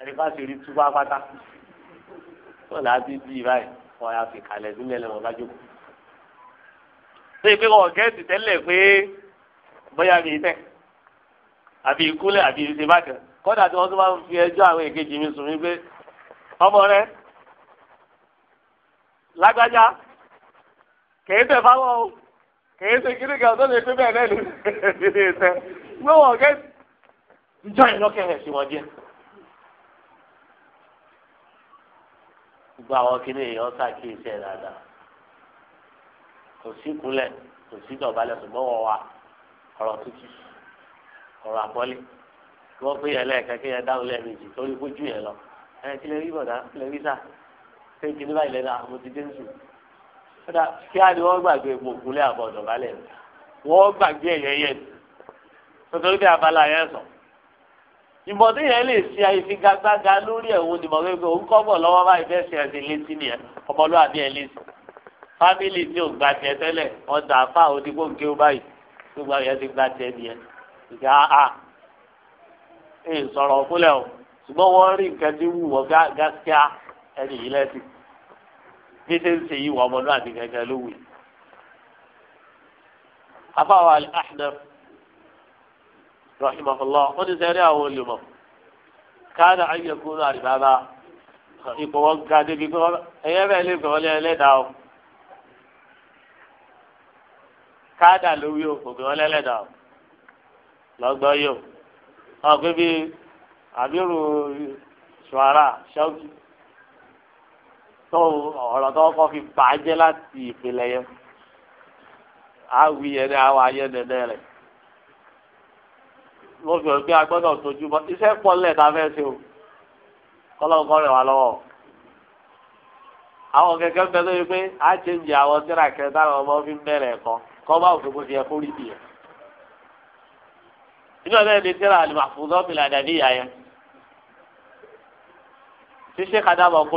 ẹ̀rí bá ti rí tú wọn ti bí báyìí wọn yà fi kalẹ̀ sílẹ̀ lẹ́wọ̀n bá jókòó. ṣé pé wọn gẹ́ẹ̀tì tẹ́lẹ̀ pé bóyá mi tẹ̀ àbí ìkúlẹ̀ àbí ìṣe bákan tí wọ́n tún máa ń fi ẹjọ́ àwọn èkejì mi sùn mí pé ọmọ rẹ lágbájá kèé tẹ̀ fáwọn o kèé ṣe kí nìkan tó lè pé bẹ́ẹ̀ náà ló ń ṣe é tẹ̀ gbọ́wọ́ gẹ́ẹ̀tì ìjọ ìlọ́kẹ̀ẹ́ sí wọn díẹ̀. gbogbo àwọn kìnìún èèyàn ṣàkíyèsí ẹ̀ dáadáa kò sí kúnlẹ̀ kò sí dọ̀bálẹ̀ ṣùgbọ́n wọ́n wà ọ̀rọ̀ tútù ọ̀rọ̀ àpọ́lé kí wọ́n pé yẹn lẹ́ẹ̀kan kí yẹn dáhùn lẹ́ẹ̀mejì torí kójú yẹn lọ ẹ̀ kí lè rí bọ̀dá kí lè rí sà pé kìnìún báyìí lẹ́nu àwọn ti dé nsù kódà kí á ní wọ́n gbàgbé gbòkúnlẹ̀ àbọ̀ dọ̀bálẹ̀ wọ́n gbàgbé ẹ̀yẹ yẹn ìmọ̀ tí yẹn lè ṣe àìfigagbága lórí ẹ̀wọ̀n ni mọ̀ pé òun kọ́ bọ̀ lọ́wọ́ báyìí bẹ́ẹ̀ ṣe ẹ̀sìn létí nìyẹn ọmọlúwàbí ẹ̀ létí fámìlì tí ò gba tiẹ̀ tẹ́lẹ̀ wọ́n dà fà òdìgbò ń kéwọ́ báyìí gbogbo àwọn yẹn ti gba tiẹ̀ nìyẹn ìgbà a ẹ̀ sọ̀rọ̀ fúnlẹ̀ o ṣùgbọ́n wọ́n rí nǹkan tí wù wọ́n gáṣíà ẹni yìí lẹ́sìn bí rahimahullah ó ní sẹ́rí àwọn olùmọ̀ káàdà ayẹkùnrin àdìbàbà ipò wọn ga débi pé ẹyẹ bẹ́ẹ̀ lè gbọ́ lé ẹlẹ́dàá o káàdà lórí o kò gbé wọn lẹ́lẹ́dàá o lọ́gbọ́n yìí o ọ̀gbẹ́ bíi àbírù ṣùwárà ṣáwùkì tó ọ̀rọ̀ tó kọ́ fi bàjẹ́ láti ìpìlẹ̀ yẹn àwì yẹn ni àwọn ayé nẹ́nẹ́ rẹ̀ mo fi hàn pé tójú bọ́ iṣẹ́ pọ̀ lẹ̀ tá ṣe o kọ́lọ́kọ́ rẹ̀ wá lọ́wọ́ àwọn kẹ̀kẹ́ bẹ lóye pé a ṣe ń jẹ àwọn tíra kẹ táwọn ọmọ fi ń bẹ̀rẹ̀ ẹ̀kọ́ kọ́ bá òfin bó ti yẹ kó rí bìyẹn nínú ọ̀dẹ́ ni tíra àlùmọ̀fùsọ́ fìlà dàbí ìyá yẹn ṣíṣe kàdàbọ̀ kó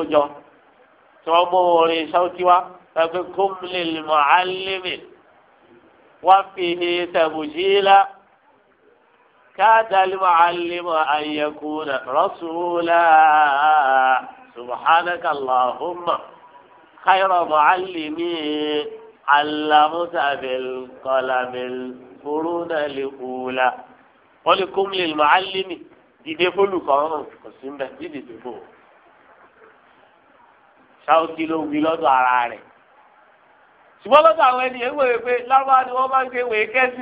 tí wọ́n mú orin ṣáwùtí wá ẹgbẹ́ kó lè mọ̀ á lé mi wá fi ṣẹ̀bùsí lá. كاد المعلم أن يكون رسولا سبحانك اللهم خير معلمي علمت بالقلم القرون الأولى ولكم للمعلم dìde fólùkọ́rùn kò sí mbẹ dídì dìbò ṣáòkì ló wí lọ́dọ̀ ara rẹ̀ ṣùgbọ́n lọ́dọ̀ àwọn ẹni èèwọ̀ èèpẹ̀ lárúbáwá ni wọ́n máa ń gbé wèé kẹ́sì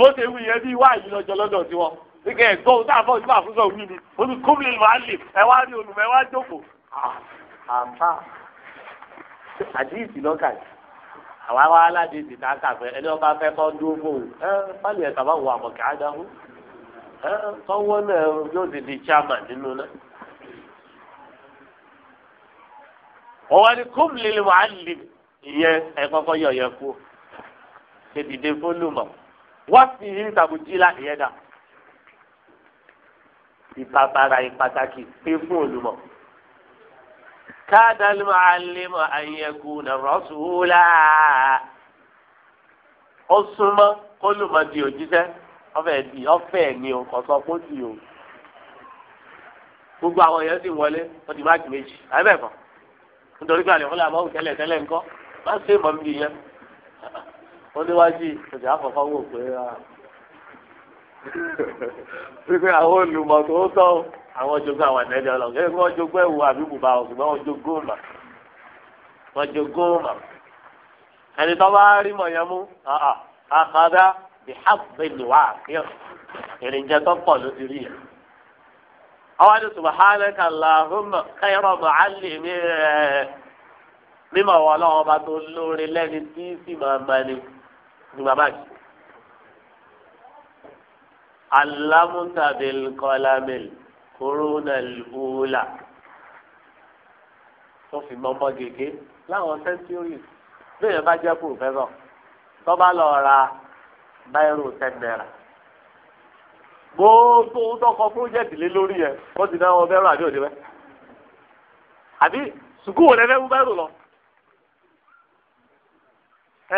bó ṣe wí yẹn bí wáyé lọ́jọ́ lọ́dọ̀ sí wọn nígbà ẹ̀gbọ́n ohun tá a fọ́ ìdúrà fún ni ó ní kúmìlì wàá lè ẹ wá rí olùmọ̀ ẹ wá jókòó. Ah, àmà àdìsí lọ́kà yìí àwa wá aládé náà kàfẹ́ ẹni ọba fẹ́ kọ́ dúró fóun ẹ pálí ẹ̀ka bá wọ àmọ̀kẹ́ ádámú ẹ tọ́wọ́ náà yóò ti di chairman nínú náà. wọ́n wá ní kúmìlì wàá lè ìyẹn ẹ kọ́kọ́ yọ̀ yẹ kú ṣe dìde fólùmọ̀ wá sí i tàbùjílà ìyẹn dà ìbàbàrà ìpàtàkì pé fún olùmọ̀ káàdà ló máa lé mọ àyẹ̀kù nàrọ̀sùlá ó súnmọ́ kó lùmọ̀ di òjíṣẹ́ ọfẹ di ọfẹ ni o kò sọ kó di o gbogbo àwọn èèyàn sì wọlé wọn ti máàkì méjì àbẹ nítorí pé àlè fúnlẹ àmọ́ tẹ́lẹ̀ ńkọ́ má ṣe mọ̀ mí yẹn oníwájú ìtòjà àkọ́kọ́ wò pé pípé ah. àwọn olùmọ̀ tó ń sọ àwọn jogún àwọn ẹ̀dẹ́gbẹ́ ọlọ́run kí wọ́n jogún ẹ̀wù àbí bùbá ọ̀gbìn wọ́n jogún ọ̀mà wọ́n jogún ọ̀mà ẹni tó bá rí mọ̀ yẹn mú àkàdá bìhábìlì wà kíọ̀ ìrìnjẹ tó pọ̀ ló ti rí yẹn. àwọn àti subhanaka allahumma khayra mu'allimi mímọ̀ wọ́n lọ́wọ́ bá tó lóore lẹ́ni tí sì máa ma ni. ní bàbá yìí. alámútàbíl kọlámìl kúrúnà lùúlà tó fi mọ́mọ́ gègé láwọn sẹ́ńtúrì bẹ́ẹ̀ bá jẹ́ pòfẹ́sọ̀ tó bá lọ ra báírò ten naira gbogbo tọkọ pírójẹ́tì lé lórí yẹn wọ́n ti náà wọn bẹ́ẹ̀ rà àbí sùkúù wọlé fẹ́ mú báírò lọ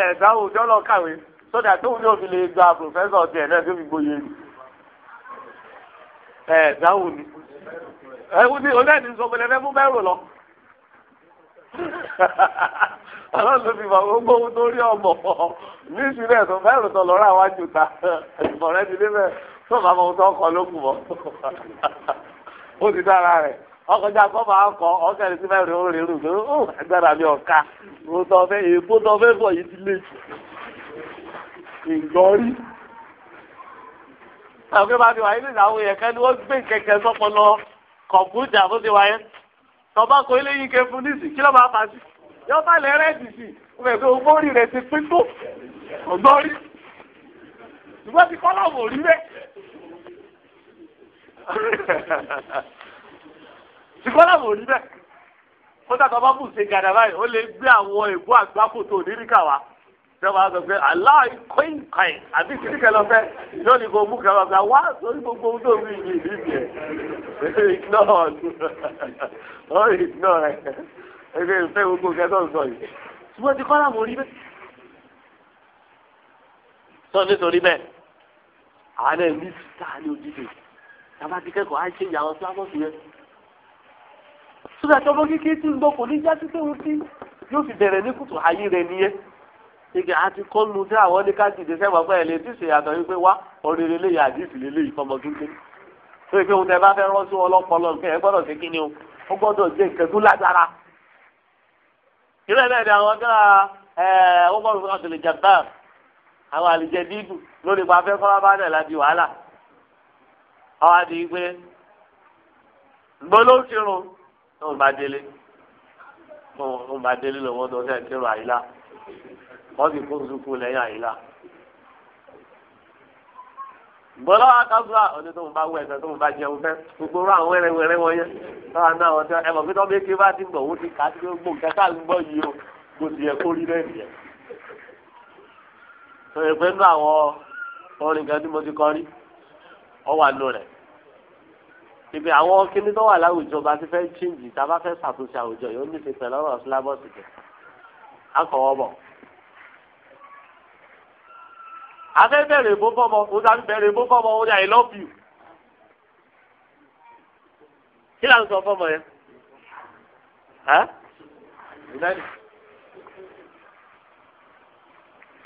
ẹ̀ẹ́dá òjọ́ lọ kàwé sódà tóun ní òfin lè gba pòfẹ́sọ̀ tiẹ̀ náà tó fi gboyè ni ẹ̀ẹ́dá òní ẹ̀wù ni onáàdì sọ pé lẹ́fẹ́ mú bẹ́rù lọ. ọlọ́run ló fi fọ gbogbo ohun tó rí ọmọ ní ìsìnlẹ̀ tó bẹ́rù tó lọ́rọ̀ àwọn àjùtà ìfọ̀rẹ́ ti dé bẹ́ẹ̀ tó bá mọ ohun tó kọ lókùn mọ́ ó ti dára rẹ̀ ọkọjá kọ́ máa kọ́ ọkẹ́rin tí mẹ́rin ó rèé rògbò ó agbára mi ọ̀ka mo tọ́ fẹ́ èèpo tọ́ fẹ́ bọ̀ yìí ti lé ìgbọ́rí. àwọn kí ti wáyé nígbà àwọn èèyàn kan wọ́n gbé kẹ̀kẹ́ sọ́pọ̀lọ kọ̀m̀pútà bó ti wáyé tọ́bákọ̀ eléyìí kẹ fún níìsì kí ló máa fà sí yọba lẹ rẹ́ẹ̀dì sí ọbẹ̀ pé ogbórí rẹ̀ ti pín tó ọgbọ́n ṣùgbọ́n ti kọ́ láwọn òrí rẹ̀. ṣùgbọ́n làwọn ò rí bẹ́ẹ̀ kódà tó bá bù ṣe gàdà báyìí ó lè gbé àwọn èbú àgbákò tó onírìkà wá sọ́wọ́ a sọ pé aláì kọ́yìn kọ́yìn àbí kìrìkẹ́ lọ fẹ́ yóò ní kó mú kẹwàá gba wá sórí gbogbo ohun tó rí yìí níbi ẹ̀ ignore ọ̀ ignore ẹ̀ ẹ̀ fẹ́ gbogbo kẹtọ́ sọ yìí ṣùgbọ́n ti kọ́lá mo rí bẹ́ẹ̀. sọ nítorí bẹ́ẹ̀ àwọn ẹ̀ mí ta ni ojúde tàbá ti kẹ́kọ̀ọ́ á ṣe ìyàwó sódà tí ọmọ kékeré ti ń gbọ́ kò ní já sí kéwù sí yóò fi bẹ̀rẹ̀ ní kùtù ayé rẹ̀ nìyẹn ege àti kọlu sí àwọn ní ká dìde sẹ́wọ̀n pé ẹ̀ lè dísè yàtọ̀ wípé wá ọ̀rẹ́ lè yà dísè lè lè ìfọmọ kékeré tó yẹ pé òun tẹ bá fẹ́ rán sí wọn lọ́pọlọ nǹkan ẹ gbọ́dọ̀ sí kíni o ó gbọ́dọ̀ jẹ́ nǹkan tó lágbára. ìrẹ́lẹ̀ ni àwọn gíga ẹ̀ ó bọ̀ tó ń bá délé tó ń bá délé lọ́wọ́ tó fẹ́ kírun àyílá wọ́n sì kó sùkú lẹ́yìn àyílá. gbọ́dọ̀ akásùlà ọ̀dẹ tó ń bá wẹ̀ ẹ̀sẹ̀ tó ń bá jẹun fẹ́ gbogbo àwọn wẹ́rẹ́wẹ́rẹ́ wọn yẹn náà náà wọ́n tẹ́ ẹ̀mọ̀ pé tó bí ké bá ti gbọ̀ wọ́n ti kà á ti gbó kẹ́kà ń gbọ́ yìí o bó ti yẹ kó rí náà nìyẹn. sọ̀rọ̀ àwọn orin kan tí mo ti kọ́ rí ọ wà nù rẹ̀ ibi àwọn kíní tó wà láwùjọ bá ti fẹ́ chíǹjì tá a bá fẹ́ ṣàtúnṣe àwùjọ yóò ní ti pẹ̀lú ọ̀rọ̀ sílábọ̀sì jẹ akọ̀wọ́ bọ̀. afẹ́ bẹ̀rẹ̀ bó fọ́mọ ó sábẹ́ bẹ̀rẹ̀ bó fọ́mọ ó ní i love you. kí ló ń sọ fọ́mọ yẹn?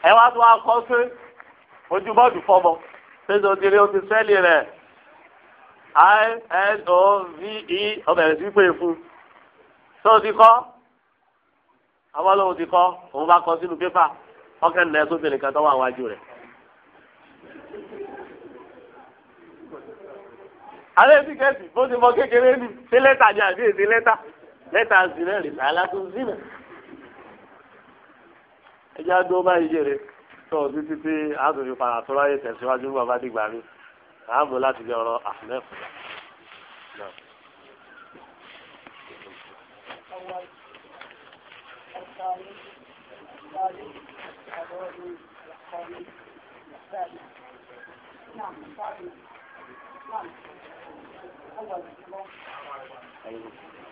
ẹ wá tó akọ́ sí ojú bọ́ọ̀dù ṣé tó ti rí o ti sẹ́ẹ̀lì rẹ̀ i L o v e ọbẹ̀rẹ̀ sí pé fún tó o ti kọ́ àwọn olóhùn ti kọ́ òun bá kọ sínú pépà ọkẹ́ ńlẹ̀ tó bèrè kan tó wà wájú rẹ̀. alẹ́ sí kẹ́sì bó ti mọ kékeré ni ṣé lẹ́tà ni àbí èsì lẹ́tà lẹ́tà zìnà rè lálá tó zìnà. ẹjẹ́ á dúró báyìí yèrè tó o ti títí àtúntò ìfarasọ́rọ́ ayé tẹ̀síwájú bàbá dìgbà mi àmú láti bí ọ̀rọ̀ ahmed náà. Thank you.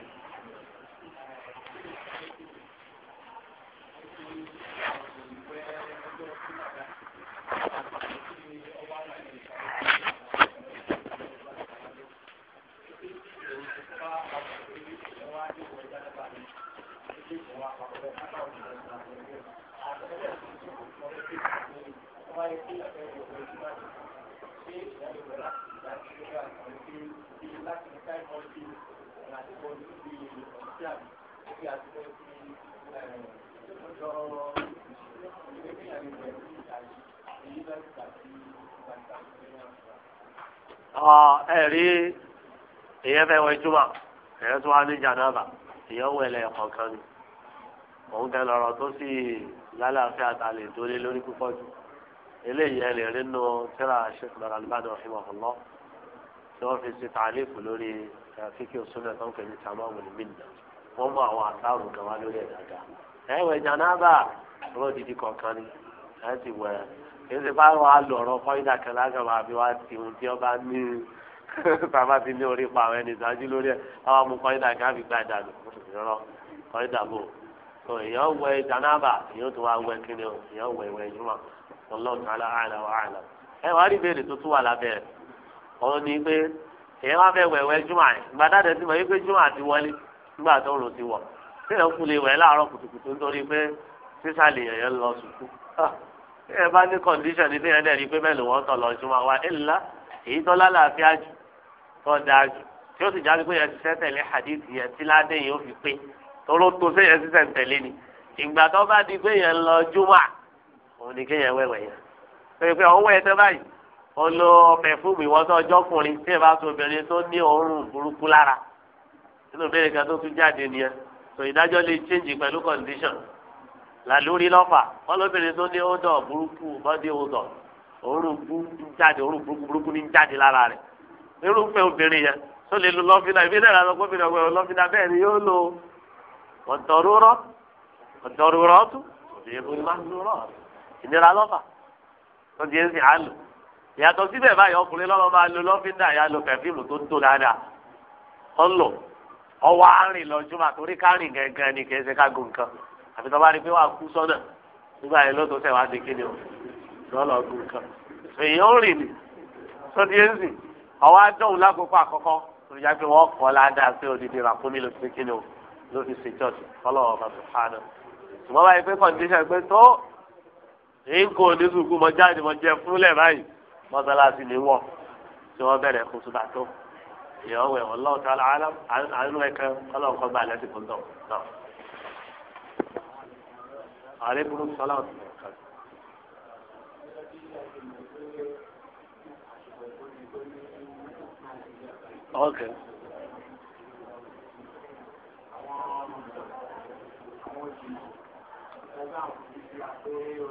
ẹ̀rí èyẹ fẹ́ wẹ júmọ̀ èyẹ tó wá ní jàdábà èyẹ wẹ̀ lẹ̀ kọ̀ọ̀kan ni òun tẹ lọ́rọ̀ tó sì lálàáfíà ta lè dólé lórí púpọ̀ jù eléyìí ẹ lè rí nu tíra sheikh mara alibadu rahimahullah tí wọn fi ṣe tàlífù lórí fíkì òsúnlẹ tó ń pè ní tamamu minna wọn mú àwọn àtàrù kan wá lórí ẹdàgà ẹ wẹ jànáàbà rọ didi kọ̀ọ̀kan ni ẹ ti wẹ kí n ṣe bá wàá lọ ọ̀rọ̀ fọyídà kan lágbàá máa fi ti ohun tí ọba ní bàbá ti ní orí pa àwọn ẹni ìdájú lórí ẹ àwọn amú fọyídà kan fi gbà dànù ìrọ bò èèyàn wẹ jànáàbà èèyàn tó wá wẹ kíni o èèyàn wẹ ìwẹ ìjùmọ ọlọ́run tààlà àlà wà àlà. ẹ wàá rí ìbéèrè tó tún wà lábẹ́ rẹ̀ ọ̀rọ̀ ni pé èèyàn wá fẹ́ wẹ̀wẹ́ jùmọ̀ àyè ìgbà dáadé ti mọ̀ wípé jùmọ̀ àti wọlé nígbà tó rò ti wọ̀ sílẹ̀ kú lè wẹ̀ láàárọ̀ kùtùkùtù nítorí pé sísàlẹ̀ èèyàn lọ sùkú. ẹ bá ní kọ̀ǹdíṣàn ní téèyàn dẹ̀ rí pé mẹ́lò wọ́n tọ̀ lọ jùmọ̀ wa ẹ̀ ńlá èyí tó lálàáfíà jù tó dáa jù tí ó sì já pé yẹn ti tẹ̀lé hadith yẹn tí ládé yẹn ó fi pé toró tó sẹ́yìn sísẹ̀ tẹ̀lé ni ìgbà tó bá di pé yẹn lọ jùmọ̀ òun ni kéèyàn wẹ̀wẹ̀ yẹn pé pé ọwọ́ ẹ tẹ́ báyìí olo pẹ̀fúmù ìwọ́sọ̀ ọjọ́kùnrin tí ẹ bá so obìnrin tó ní òórùn burúkú lára nínú ìbéèrè kan tó tún jáde nìyẹn tó ìdájọ́ lè change pẹ̀lú condition làlórí lọ́fà ọlọ́bìnrin tó ní odò burúkú bọ́dí odò òórùn bú ń jáde òórùn burúkú burúkú ní ń jáde lára rẹ̀ irúfẹ́ obìnrin yẹn tó lè lo lọ́fínà ìbílẹ̀ rẹ̀ lọ́kọ́ fi lọ́wọ́ lọ́fínà bẹ́ẹ̀ ni yóò lo ọ̀dọ́rúrọ́ ọ̀dọ́rúrọ́ tún òbí ìnira lọ́fà tó di ẹ̀sìn àlò ìyàtọ̀ síbẹ̀ báyìí ọkùnrin lọ́wọ́ máa lo lọ́fíńdà yà lo pẹ̀fíìmù tó ń tó dáadáa ó ń lò ọwọ́ àárín lọ́jọ́ mà torí kárìn gangan ni kì í ṣe ká gùn kan àfi tó bá rí pé wàá kú sọ́nà nígbà yẹn lọ́tọ̀ sẹ̀ wàá di kíni o lọ́lọ́ gùn kan èèyàn rìn ni tó di ẹ̀sìn ọwọ́ adóhùn lákòókò àkọ́kọ́ tó yá pé wọ́n kọ́ ládàá pé odidi ràkúnmí ló ti kíni o ló fi ṣe church fọlọ́wọ́ bàbá èyí kò ní sùkú mọ jáde mọ jẹ fúnlẹ̀ báyìí mọ́sálásí lè wọ̀ tí wọ́n bẹ̀rẹ̀ kó tó bá tó ìyàwó ẹ̀ ọlọ́run tó àlọ́ àánú ẹ̀kẹ́ ọlọ́run kọ́ gbà lẹ́sìn fún tọ̀ náà. ààrẹ burú sọlá ọ̀sán kan. Okay. Thank you.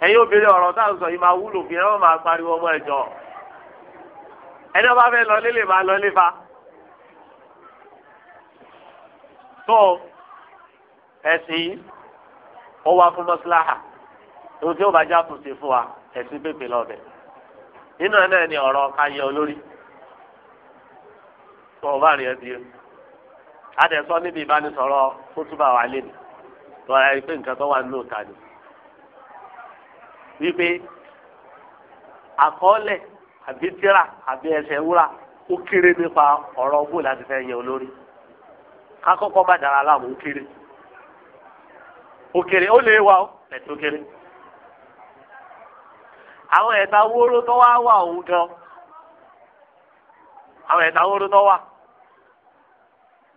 ẹ̀yin obìnrin ọ̀rọ̀ tá à ń sọ yìí máa wúlò fi ẹ wọ́n máa pariwo ọmọ ẹ̀jọ́ ẹni ọba fẹ́ lọ nílé máa lọ nífa tó ẹ̀sìn yìí ó wá fún mọ́síláhà ohun tí ó bá já kù sí fún wa ẹ̀sìn pépè lọ́bẹ̀ nínú ẹ̀ náà ni ọ̀rọ̀ ká yẹ olórí tó ọba rẹ̀ ẹ́ di adẹ̀sọ́ níbi ìbánisọ̀rọ̀ wa lé ní lọ́ra ẹ̀ pé nǹkan tó wà nínú ni. wípé àkọọ́lẹ̀ àbí tíra àbí ẹsẹ̀ wúrà ó kéré nípa ọ̀rọ̀ bó láti fẹ́ yẹ olórí kákọ́kọ́ bá dára láàmú ó kéré ó kéré ó lè wá ó ẹ̀tí ó kéré àwọn ẹ̀ta wóró tó wá wà òun gan àwọn ẹ̀ta wóró tó wà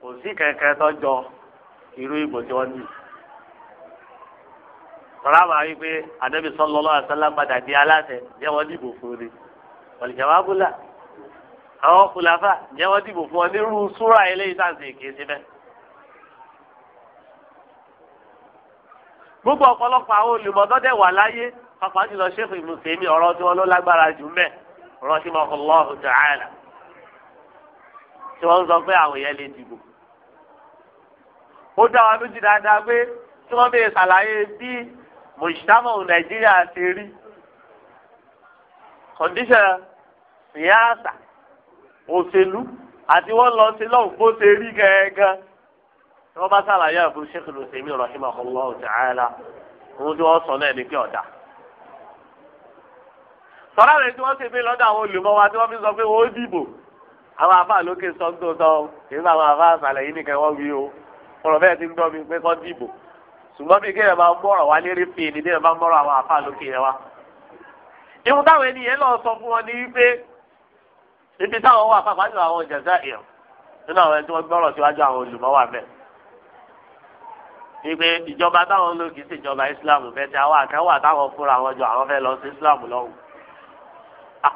kò sí kẹ̀kẹ́ tó jọ irú tọ́lá máa wí pé ànábì sallallahu alaihi wasallam padà di aláṣẹ jẹ́ wọ́n dìbò fún ni ọ̀lìjàmábùlà àwọn kùlàfà jẹ́ wọ́n dìbò fún ọ nírú súrà eléyìí tàǹsì kìí síbẹ̀. gbogbo ọ̀pọ̀lọpọ̀ àwọn olùmọ̀tọ́dẹ̀ wà láyé pàpà jùlọ ṣéfù ìmùsèmí ọ̀rọ̀ tí wọ́n ló lágbára jù mẹ́ ọ̀rọ̀ tí mo kọ́ lọ́hùn tí wọ́n sọ ṣàlàyé bí mùsùlùmọ́ nàìjíríà ti rí kọ̀ǹdíṣàn síyáàsà òṣèlú àti wọ́n lọ sí lọ́wọ́ bó ṣe rí gẹ́gẹ́ tí wọ́n bá sàlàyé àbúrò sheikh lùsèmí rahimahullah ta'ala ohun tí wọ́n sọ náà ní pé ọ̀dà sọ́ra rẹ̀ tí wọ́n ṣe bí lọ́dọ̀ àwọn olùmọ̀ wa tí wọ́n fi sọ pé wọ́n ó dìbò àwọn àfáà lókè sọ́ńtò sọ kì í sọ àwọn àfáà àṣàlẹ̀ yìí nìkan wọ́n wí o ọ̀rọ̀ bẹ́ẹ̀ ti ń gbọ́ mi pé kọ́ dìbò ṣùgbọ́n bí kéèyàn máa ń mọ̀rọ̀ wá lérí fi ni bí èèyàn máa ń mọ̀rọ̀ àwọn àfa lókè yẹn wá. ìwọ táwọn ènìyàn lọ sọ fún wọn ní wípé ibi táwọn wà pàpà nínú àwọn ìjẹ̀sà èèyàn nínú àwọn ẹni tí wọ́n gbọ́rọ̀ síwájú àwọn olùmọ̀ wà bẹ́ẹ̀. wípé ìjọba táwọn lò kì í Islam bẹ́ẹ̀ tí àwọn àkẹ́wà táwọn fúnra wọn jọ àwọn fẹ́ lọ sí Islam lọ́wọ́. Ah,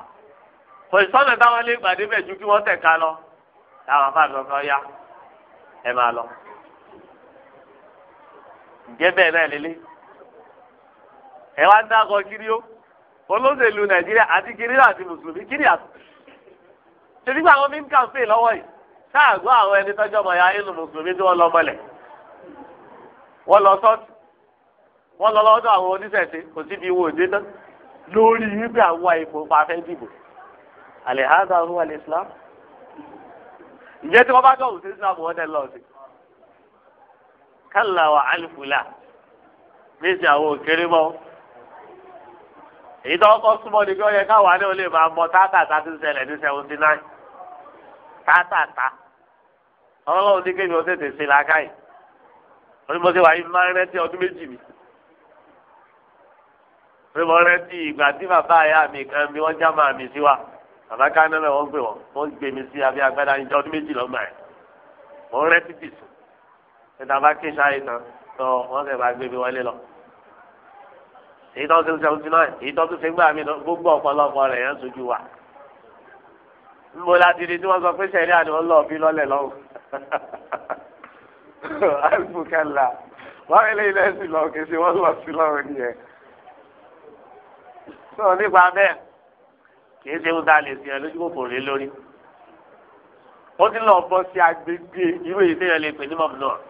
kò ìsọ̀nà táwọn lè gbàdébẹ̀ ju kí wọ́n tẹ̀ ká lọ táwọn afáàgbọ̀n ǹjẹ́ bẹ́ẹ̀ náà lélẹ́ ẹ wá ń dákọ̀ kiri ó olóṣèlú nàìjíríà àti kiri àti mùsùlùmí kiri àti torí pé àwọn mi ń kàǹpé lọ́wọ́ yìí sáàgbọ́ àwọn ẹni tọ́jọ́ mọ̀ ya inú mùsùlùmí tí wọ́n lọ mọ́lẹ̀ wọ́n lọ sọ́ọ̀tì wọ́n lọ lọ́dọ̀ àwọn oníṣẹ̀ṣe kò síbi ìwò òde náà lórí wípé àwọn àìpò pàfẹ́ dìbò alihada ruwa islam ìyẹn tí wọ́n bá dọ̀wù kálá wà alifula méjì àwọn òkèrè mọ́ èyí tó kọ́ súnmọ́ ni bí wọ́n yẹ káwa ní olè máa mọ tátàtà ti ṣẹlẹ̀ ní seventy nine tátàtà ọlọ́run ní kébi ọ̀sẹ̀ tèsè làákàyè wọ́n ní mo ṣe wà yí máa rántí ọdún méjì mi pé mo rántí ìgbà tí bàbá àyà mi kan bí wọ́n já máa mi sí wa bàbá káná náà wọ́n gbé wọn wọ́n gbé mi sí abẹ́ agbádá ìjọ ọdún méjì lọ́gbà ẹ̀ mo bìsùn títa bá kí sáyé tán tó wọ́n kẹ́ bá gbé mi wọlé lọ. èyí tó ti sẹ́wọ́n ti náà èyí tó ti ṣe gbà mí gbogbo ọ̀pọ̀lọpọ̀ rẹ̀ yẹn sojú wa. nbó láti di tí wọ́n sọ pé sẹ́rí àná ń lọ bí lọ́lẹ̀ lọ́wọ́. àìsùnkẹ́là wọ́n eléyìí lẹ́sìn lọ kì í ṣe wọ́n lọ sí lọ́rùn nìyẹn. sọ nípa bẹ́ẹ̀ kì í ṣe ń ta lè sìn ẹ́ lójú kòkòrò lé lórí. ó ti lọ bọ́ sí agbègbè irú èyí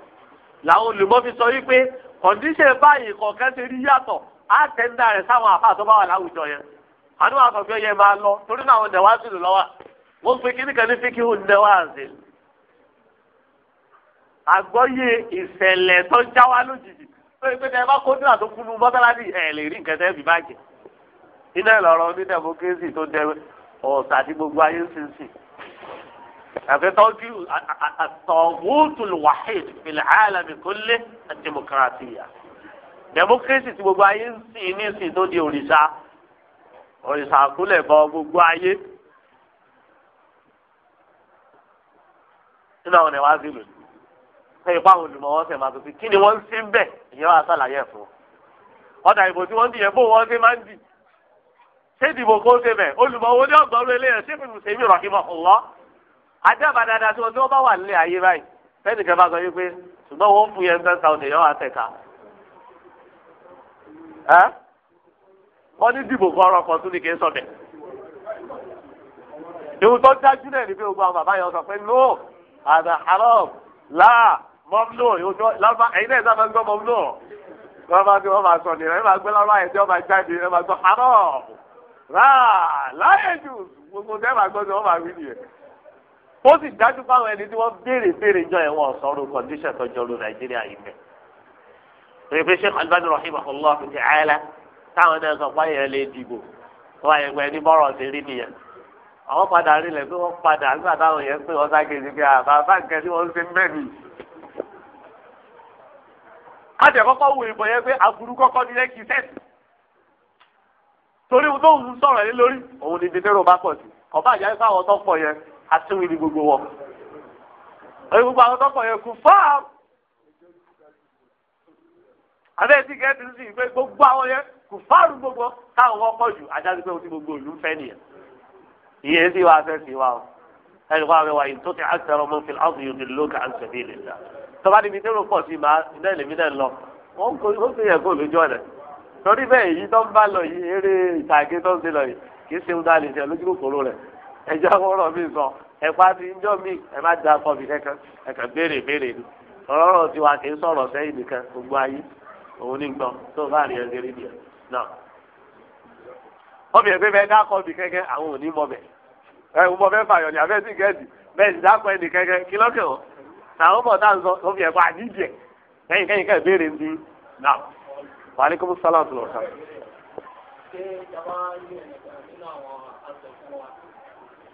làwọn olùmọ́fi sọ wípé kọ̀ǹdíṣẹ̀ báyìí kọ̀ọ̀kan ti rí yàtọ̀ á tẹ́ńdà rẹ̀ sáwọn àfáà tó bá wà láwùjọ yẹn àánú àkọ́kọ́ yẹn máa lọ torí náà àwọn nẹ̀wá sílù lọ́wọ́ wọ́n pe kíní kan ní fíkìhù nẹ̀wá àzè àgbọ́yé ìṣẹ̀lẹ̀ tó já wa lójijì tó yẹ pé tẹ bá kó nílà tó kú nu mọ́tàládì ẹ̀ lè rí nǹkan tẹ́ fi bá jẹ iná ìlọrọ onídẹ̀mọ́kírésì tó dẹ ọ̀sà tí gbogbo ayé ń sin sìn àfẹ́tọ́jú àtọ̀wótùl wahid fìlàálàmì kólé àdèmọkìrátìyà dẹmọkírésì tí gbogbo ayé ń sìn ní sìn tó di òrìṣà òrìṣà àkúlẹ̀ bọ gbogbo ayé nínú àwọn ẹ̀wá zìlù ṣe ipá àwọn olùmọ̀wọ́ sẹ̀ máa tuntun kí ni wọ́n ń sí bẹ́ẹ̀ ìyẹn wàá sàlàyé ẹ̀ fún wọn ọ̀dà ìbò tí wọ́n ń dìyẹ bó wọ́n ṣe máa ń dì ṣé ìdìbò kó ṣe bẹ̀ olùmọ̀wọ́ ní ọ̀gbọ́n lé àdàbà dáadáa tí wọn tí wọn bá wà nílé ayé báyìí fẹ́ẹ̀nì kan bá sọ wípé ṣùgbọ́n wọn fún yẹn ten thousand yọ àtẹ̀ka wọ́n ní dìbò kọ́ ọ̀rọ̀ kan tún ní kí n sọ̀bẹ̀. ìwù tó dájú náà ni pé gbogbo àwọn bàbá yẹn sọ pé no àdà haram láà mọ́múlò ìwòsàn lọ́fà ẹ̀yin náà sábà ń gbọ́ mọ́múlò wọ́n máa ní wọ́n máa sọ nìyẹn máa gbé lọ́wọ́ àyẹ̀tí wọ́n máa jáde wọ́n máa sọ haram láà láyé jù gbogbo tẹ́ ó sì dájú fáwọn ẹni tí wọ́n béèrè béèrè jọ ẹ̀wọ̀n sọ̀rọ̀ kọ̀ndíṣàn tọ́jọ́rú nàìjíríà yìí mẹ́. pèrè pé sheikh albani rahimahullah fi ti àyàlá táwọn náà sọ pé àyàn lè dìbò wọn àyàn pé ẹni bọ́rọ̀ ti rí nìyẹn. àwọn padà rí lẹ̀ pé wọ́n padà nígbà táwọn yẹn pé wọ́n ságèjì pé àbá nǹkan tí wọ́n ṣe mẹ́rin. kájẹ kọ́kọ́ wo ìbọn yẹn pé aburú kọ́kọ́ nílẹ̀ kì í torí ohun tó ń sọ̀rọ̀ lé lórí òun ni àtúwì ní gbogbo wọn. oye gbogbo àwọn tọkọ yẹn kú fáàm. àbẹ́ ti gẹ́gẹ́ ti sìn pé gbogbo àwọn yẹn kú fáàrù gbogbo táwọn wọ́n pọ̀ jù àjáde pé o ti gbogbo ìlú fẹ́ nìyẹn. ìyẹn sì wá fẹ́ sí wa o. ẹnì kan àbẹ̀wò àyè tó ti àtẹ̀rọ mọ́ fi láwùjọ yóò di lóka àǹsẹ̀dé lè dá. tọ́ba níbi tí ó pọ̀ sí máa náà lèmi náà lọ. wọ́n kò yẹ kó lójú ọ̀nà. torí bẹ́ẹ̀ yìí tó ń bá lọ yìí eré ìtàgé tó ń ṣe lọ yìí kì í ṣe ń dá lè ṣe lójú kòkòrò rẹ̀. ẹjọ́ ọ̀rọ̀ mi sọ ẹ̀pá ti mi akọ mi kankan ẹ̀kan béèrè béèrè ni ọ̀rọ̀ ti wà kì í sọ̀rọ̀ sẹ́yìn nìkan gbogbo ayé òun ní gbọ́ tó bá rí ẹgbẹ́ rí náà. ọbẹ̀ mi kankan àwọn ò ní mọ̀ bẹ̀ ẹ̀ ń mọ bẹ́ẹ̀ gẹ̀ẹ́dì bẹ́ẹ̀ sì kankan kí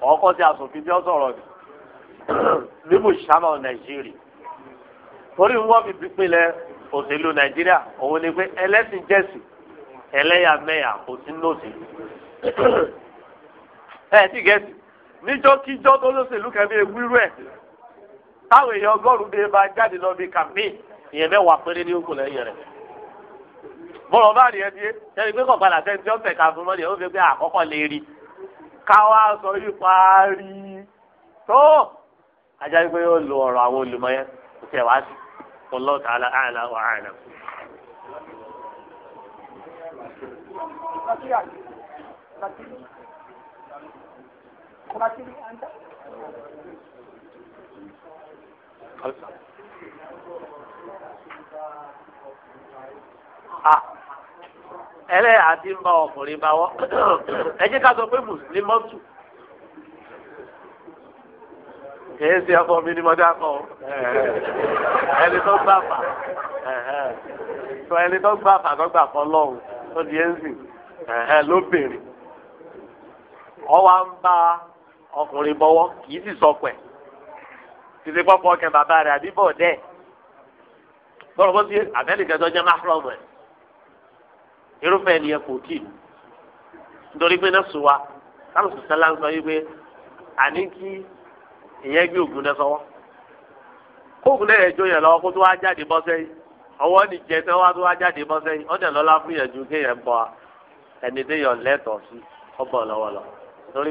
ọkọ tí asòfin tí ó sọ̀rọ̀ ni ni ti gẹ̀ẹ́sì níjọ́kíjọ́ tó lóṣèlú kẹ́mi ewúrú ẹ̀ táwọn èèyàn ọgọ́rùn-ún bá jáde lọ bí kàmpéyìn ìyẹn mẹ́wàá péré ní òkú lẹ́yìn rẹ̀ bọ́lọ̀ bá rí ẹ bíi ẹni pé kọ̀ọ̀kan fún mọ́ni ẹ̀ ó káwá sọ yípa rí tó ajá pé yóò lo ọ̀rọ̀ àwọn olùmọ̀ yẹn kò tẹ̀ wá sí wallahu ta'ala a'la wa a'lam. Ah. ẹlẹ́yà ti ń bá ọkùnrin bá wọ́ ẹ jẹ́ ká sọ pé mùsùlùmí mọ́tù kìí ṣe ọkọ mi ni mo dá kọ ẹni tó gbà fà sọ ẹni tó gbà fà gbà fọ lọ́hùn tó di ẹ́ńsìn ló bèrè ń bá ọkùnrin bọ́wọ́ kìí sì sọ pẹ̀ títí pọ́pọ́ kẹ bàbá irúfẹ́ ẹni yẹn kò tì í nítorí pé náà sùn wa sáàmù sùn sẹ́lá ń sọ yí pé àní kí ìyẹn gbé ògùn náà sọwọ́ kó ògùn náà yẹn lọ́wọ́ kó tó wá jáde bọ́ sẹ́yìn ọwọ́ ni jẹ tẹ́ wá tó wá jáde bọ́ sẹ́yìn lọ́la fún ju kéèyàn bọ́ ẹni tó sí torí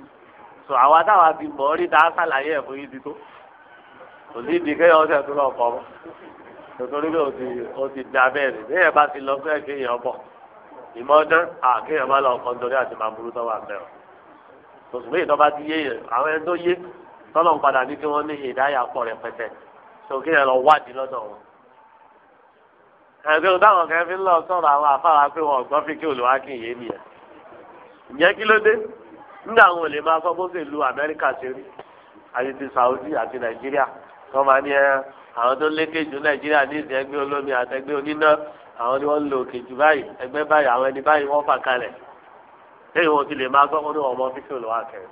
sọ àwa táwa ti mọ̀ ọ́ rí ta sàlàyé ẹ̀ fún yín ti tó kò sí ibi kéèyàn ọ̀sẹ̀ tó lọ kọ́ mọ́ nítorí pé o ti o ti da bẹ́ẹ̀ ni bẹ́ẹ̀ bá ti lọ fẹ́ kéèyàn bọ̀ ìmọ̀ọ́dán à kéèyàn bá lọ kọ́ nítorí àti máa burú tọ́wọ́ àbẹ́ o tòṣùgbé ìtọ́ba ti yé yẹn àwọn ẹni tó yé tọ́lọ̀ ń padà ní kí wọ́n ní ìdáyà pọ̀ rẹpẹtẹ tó kéèyàn lọ wádìí lọ́dọ̀ wọn. ẹ̀sìn táwọn kan ń lọ sọ̀rọ̀ àwọn àfáwà pé wọn ò gbọ́ fi kí olùwákì yé nìyẹn ìyẹn kí ló dé nígbà àwọn olè máa sọ bóṣe lu amẹ́ríkà ṣe rí àti ti saudi àti nàìjíríà tó máa ní ẹ àwọn tó lékè jù nàìjíríà ní ìsìn ẹgbẹ́ olómi àti ẹgbẹ́ oníná àwọn ni wọ́n ń lo òkè jù báyìí ẹgbẹ́ báyìí àwọn ẹni báyìí wọ́n fà kalẹ̀ lẹ́yìn wọn ti lè máa gbọ́ wọn ní ọmọ fífi olùwà kẹrin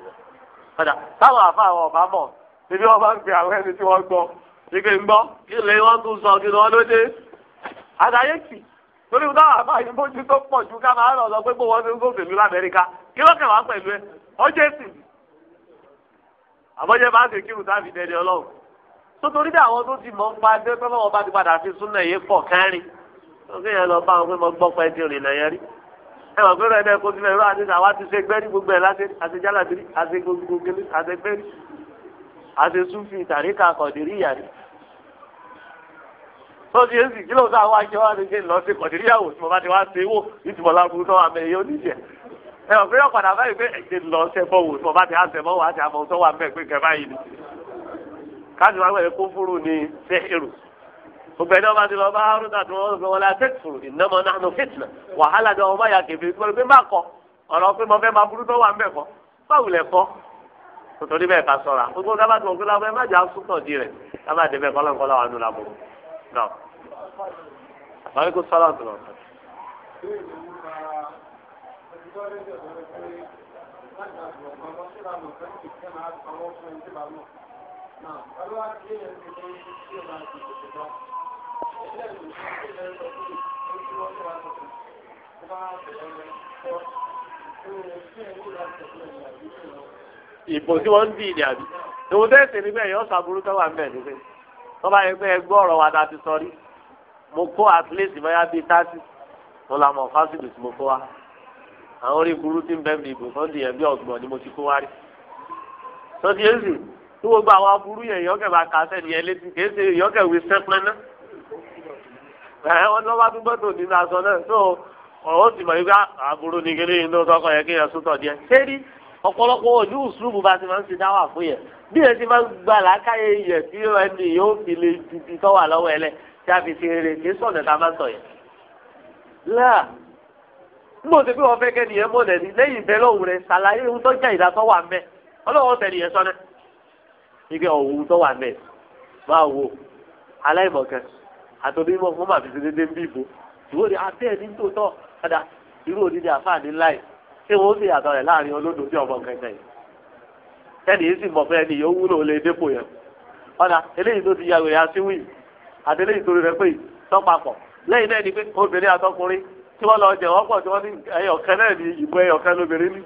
padà táwọn àfa àwọn ọba mọ̀ ibi wọn bá ń gbé àwọn ẹni tí wọ́n gbọ́ ike ń gbọ́ kí lè wọ́n tún sọ kí lọ́ọ́ lóde àdáyé kì torí wọn náà àbá yẹn bójú tó pọ̀ ju ká máa ń lọ pé kó wọ́n ti ń gòkè lu Amẹ́ríkà kí ló kẹwàá pẹ̀lú ẹ ọjọ́ èsì àbọ̀jẹ́ bá ṣe kírun sáfi dẹni ọlọ́run tó torí bí àwọn tó ti mọ̀ ń pa dé tó lọ́wọ́ bá ti padà fi súnà yé pọ̀ kẹ́rin lókè yẹn lọ bá wọn pé mo gbọ́ pé ti rìn lẹ́yìn rí ẹ mọ̀ pé rẹ̀ náà kó tilẹ̀ rọ àti àwa ti ṣe gbẹ́rí gbogbo ẹ̀ láti àtijọ́ àti gbogbo àti gbẹ́rí àti súnfì tàríkà kọ̀dìrí ìyàrí tó ti èsì kí ló sá wá jẹ́ wá ní kí lọ sí kọ̀díríyàwó tí mo bá ti wá ṣe wò ìtumọ̀ lágbo tó wà mẹ́ yóò ẹ ò fẹ́ràn báyìí pé ẹ̀jẹ̀ lọ sẹ́bọ̀ wò tí mo bá ti á sẹ́bọ̀ wò àti àmọ́ tó wà mẹ́ pé kẹfà yìí ni. káàdì wàá wẹ̀rẹ̀ kó fúru ni sẹ́hìrù. gbogbo ẹni ọba ti lọ bá rúdà tó wọn wọn la tẹ́kùrù ìnáma náà náà wàhálà kò sálà tó lọ. Ìbò tí wọ́n ń dì ní àbí. Ìwọ́n tẹ́sí níbẹ̀ yọ ọ́ sàbúrú káwá ń bẹ̀ níbẹ̀ tó bá yẹ pé ẹgbẹ́ ọ̀rọ̀ wa dá ti sọ rí mo kó àtìlẹ́sì báyà bíi táàtì mo là mọ̀ fásitì tí mo kó wa àwọn orí burú tí ń bẹ́ẹ̀ mi ìbò sunday ẹ̀ bí ọ̀gbọ̀n ni mo ti kó wa rí. tó ti yéésì tí gbogbo àwọn aburú yẹn ìyọ́kẹ̀ bá ka sẹ́ni ẹ létí kì í ṣe ìyọ́kẹ̀ wí sẹ́pẹ́ ná. ẹ wọn lọ́wọ́ tó gbọ́dọ̀ nínú aṣọ náà tó ọ̀rọ̀ ó ti mọ̀ ọ̀pọ̀lọpọ̀ ojú ìṣubú bá ti máa ń ti dáwà fún yẹn bí yẹn ti máa ń gba làákàyè yẹn tí ẹni yóò fi lè dìbì tọ́wà lọ́wọ́ ẹlẹ́ tí a fi ti rèrè kí sọ̀nà tá a máa sọ yẹn. láà mo ti bí wọn fẹ́ kẹ́ nìyẹn mọ̀ lẹ́ni lẹ́yìn ìbẹ́ lọ́hùn rẹ̀ ṣàlàyé ohun tó jẹ́ ìdásọ́ wà mẹ́ ọlọ́wọ́ tẹ̀ nìyẹn sọ́nẹ́ ibi ọ̀hún tó wà mẹ́ máa wo aláìmọ̀kẹ́ àtọ́bímọ̀ fún màbísí dédé ń bíbo ìwọ́n ni ṣé wọn ó sì yàtọ̀ rẹ̀ láàrin olódò tí ọmọ kẹkẹ yìí ẹnì yìí sì mọ̀ fún ẹnì yóò wúlò lè dépò yẹn ọ̀nà eléyìí tó ti ya wèrè aṣíwì àti eléyìí tó rẹ̀ pé tọ́papọ̀ lẹ́yìn náà ni pé obìnrin àtọkùnrin tí wọ́n lọ jẹ̀ wọ́n pọ̀ tí wọ́n ní ẹyọ̀kẹ́ náà ní ìbò ẹyọ̀kẹ́ lóbìnrin ní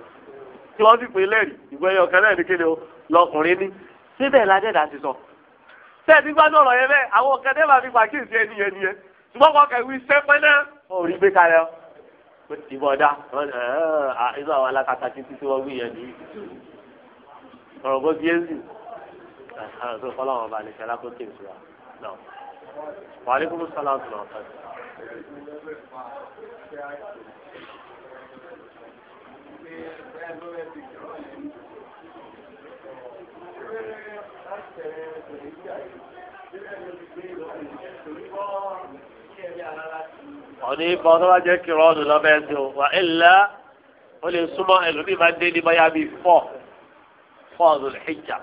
tí wọ́n sì pé lẹ́rìí ìbò ẹyọ̀kẹ́ náà ní kéde lọkùnrin ní síbẹ̀ ládẹ́dà ti sọ. tẹ́ẹ̀tì gbádùn ọ̀rọ̀ yẹn bẹ́ẹ̀ àwọn ọ̀kẹ́ dẹ́gbà fi pàkíyèsí ẹni yẹn ni yẹn ṣùgbọ́n kọ́kẹ́ wí sẹ́pẹ́ náà. ó rí gbé kalẹ̀ ọ́ pé ìbọ̀dá inú àwọn alákatá títí tí wọ́n gbìyànjú ọ̀rọ̀ bó bí ézì ọ̀rọ̀ tó fọlọ́wọ́n bá lè ṣe alákòókè ìṣura náà wà ní kúrú sọ́lá ọ̀tún náà fẹ́. Thank you. ọ̀ní ibọ̀ tó bá jẹ́ kírọ́ọ̀nù lọ́bẹ̀ ẹ̀sìn o wà ilẹ̀ ó lè súnmọ́ ẹlòmíì máa ń dé ní báyà bíi fọ́ fọ́ ọ̀dùn ìjà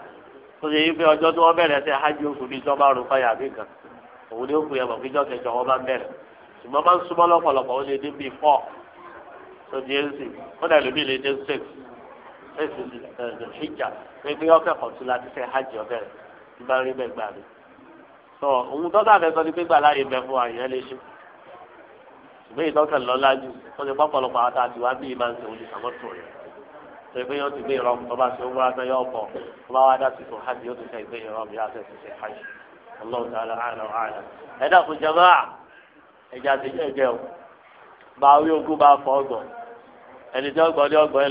tó ṣe yí pé ọjọ́ tí wọ́n bẹ̀rẹ̀ ṣe hajj oṣù bíi jọba àrùn fáyà bí kan òun ni ó kù yẹn mọ̀ fíjọ́ kẹjọ wọn bá ń bẹ̀rẹ̀ ṣùgbọ́n máa ń súnmọ́ lọ́pọ̀lọpọ̀ ó lè dé bíi fọ́ tó di ẹ̀sìn ó dà ẹlòmíì lè dé six ẹ̀sìn ìjà uh, pé pé ọkẹ́ ṣùgbọ́n ìtọ́kàn lọ́la jù wọ́n ti pọ́pọ̀lọpọ̀ àwọn tá a ti wá máa ń sèwọ́n ní sàmọ́tò rẹ̀ ṣe pé yóò ti gbé ìrọ̀mù tó bá ṣe ó múra yóò pọ̀ tó bá wá dá sí fún hajj yóò ti ṣe ìgbé ìrọ̀mù yóò ṣe ṣe hajj Allahu ta'ala àlọ́ àlọ́ ẹ dàkú jamaa ẹja ti jẹ́ jẹ́ o bá wí ogún bá fọ ọgbọ̀n ẹni tí ọgbọ̀n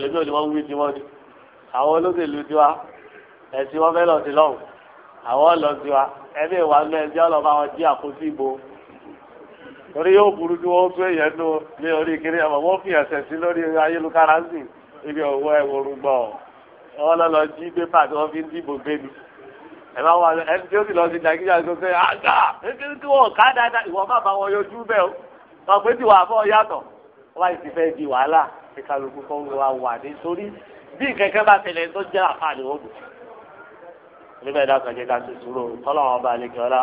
ní ọgbọ̀n torí yóò burú kí wọ́n tún èèyàn nù ní orí kiri àmọ́ wọ́n fi ẹ̀sẹ̀ sí lórí ayélujára ń sìn ibi òwò ẹ̀wòrú gbọ́ wọn lọ lọ jí pépà tí wọ́n fi ń dìbò gbé mi ẹ bá wà ẹni tí ó sì lọ sí nàìjíríà tó fẹ́ àgbà ẹni tí wọ́n ká dáadáa ìwọ má bá wọn yọjú bẹ́ẹ̀ o sọ pé tí wàá fọ́ yàtọ̀ wọ́n bá ti fẹ́ di wàhálà kí kálukú kọ́ wa wà ní torí bí kẹ̀kẹ́ bá tẹ̀lé tó jẹ́ àfààní wọn dùn níbẹ̀ dákan jẹ́ ká ti sùúrù kọ́lọ́wọ́n bá lè kí ọlá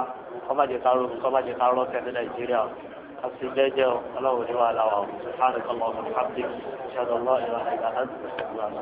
kọ́ má jẹ́ ká rọ̀ kọ́ má jẹ́ ká rọ̀ tẹ̀lé nàìjíríà àtìlẹ́jẹ́ ọlọ́run ní wàhálà wa ọ̀hún ṣáàrẹ̀ kọ́lọ́ ọ̀hún ṣáàbí ṣáàdọ̀lọ́ ìlànà ìlànà ìlànà.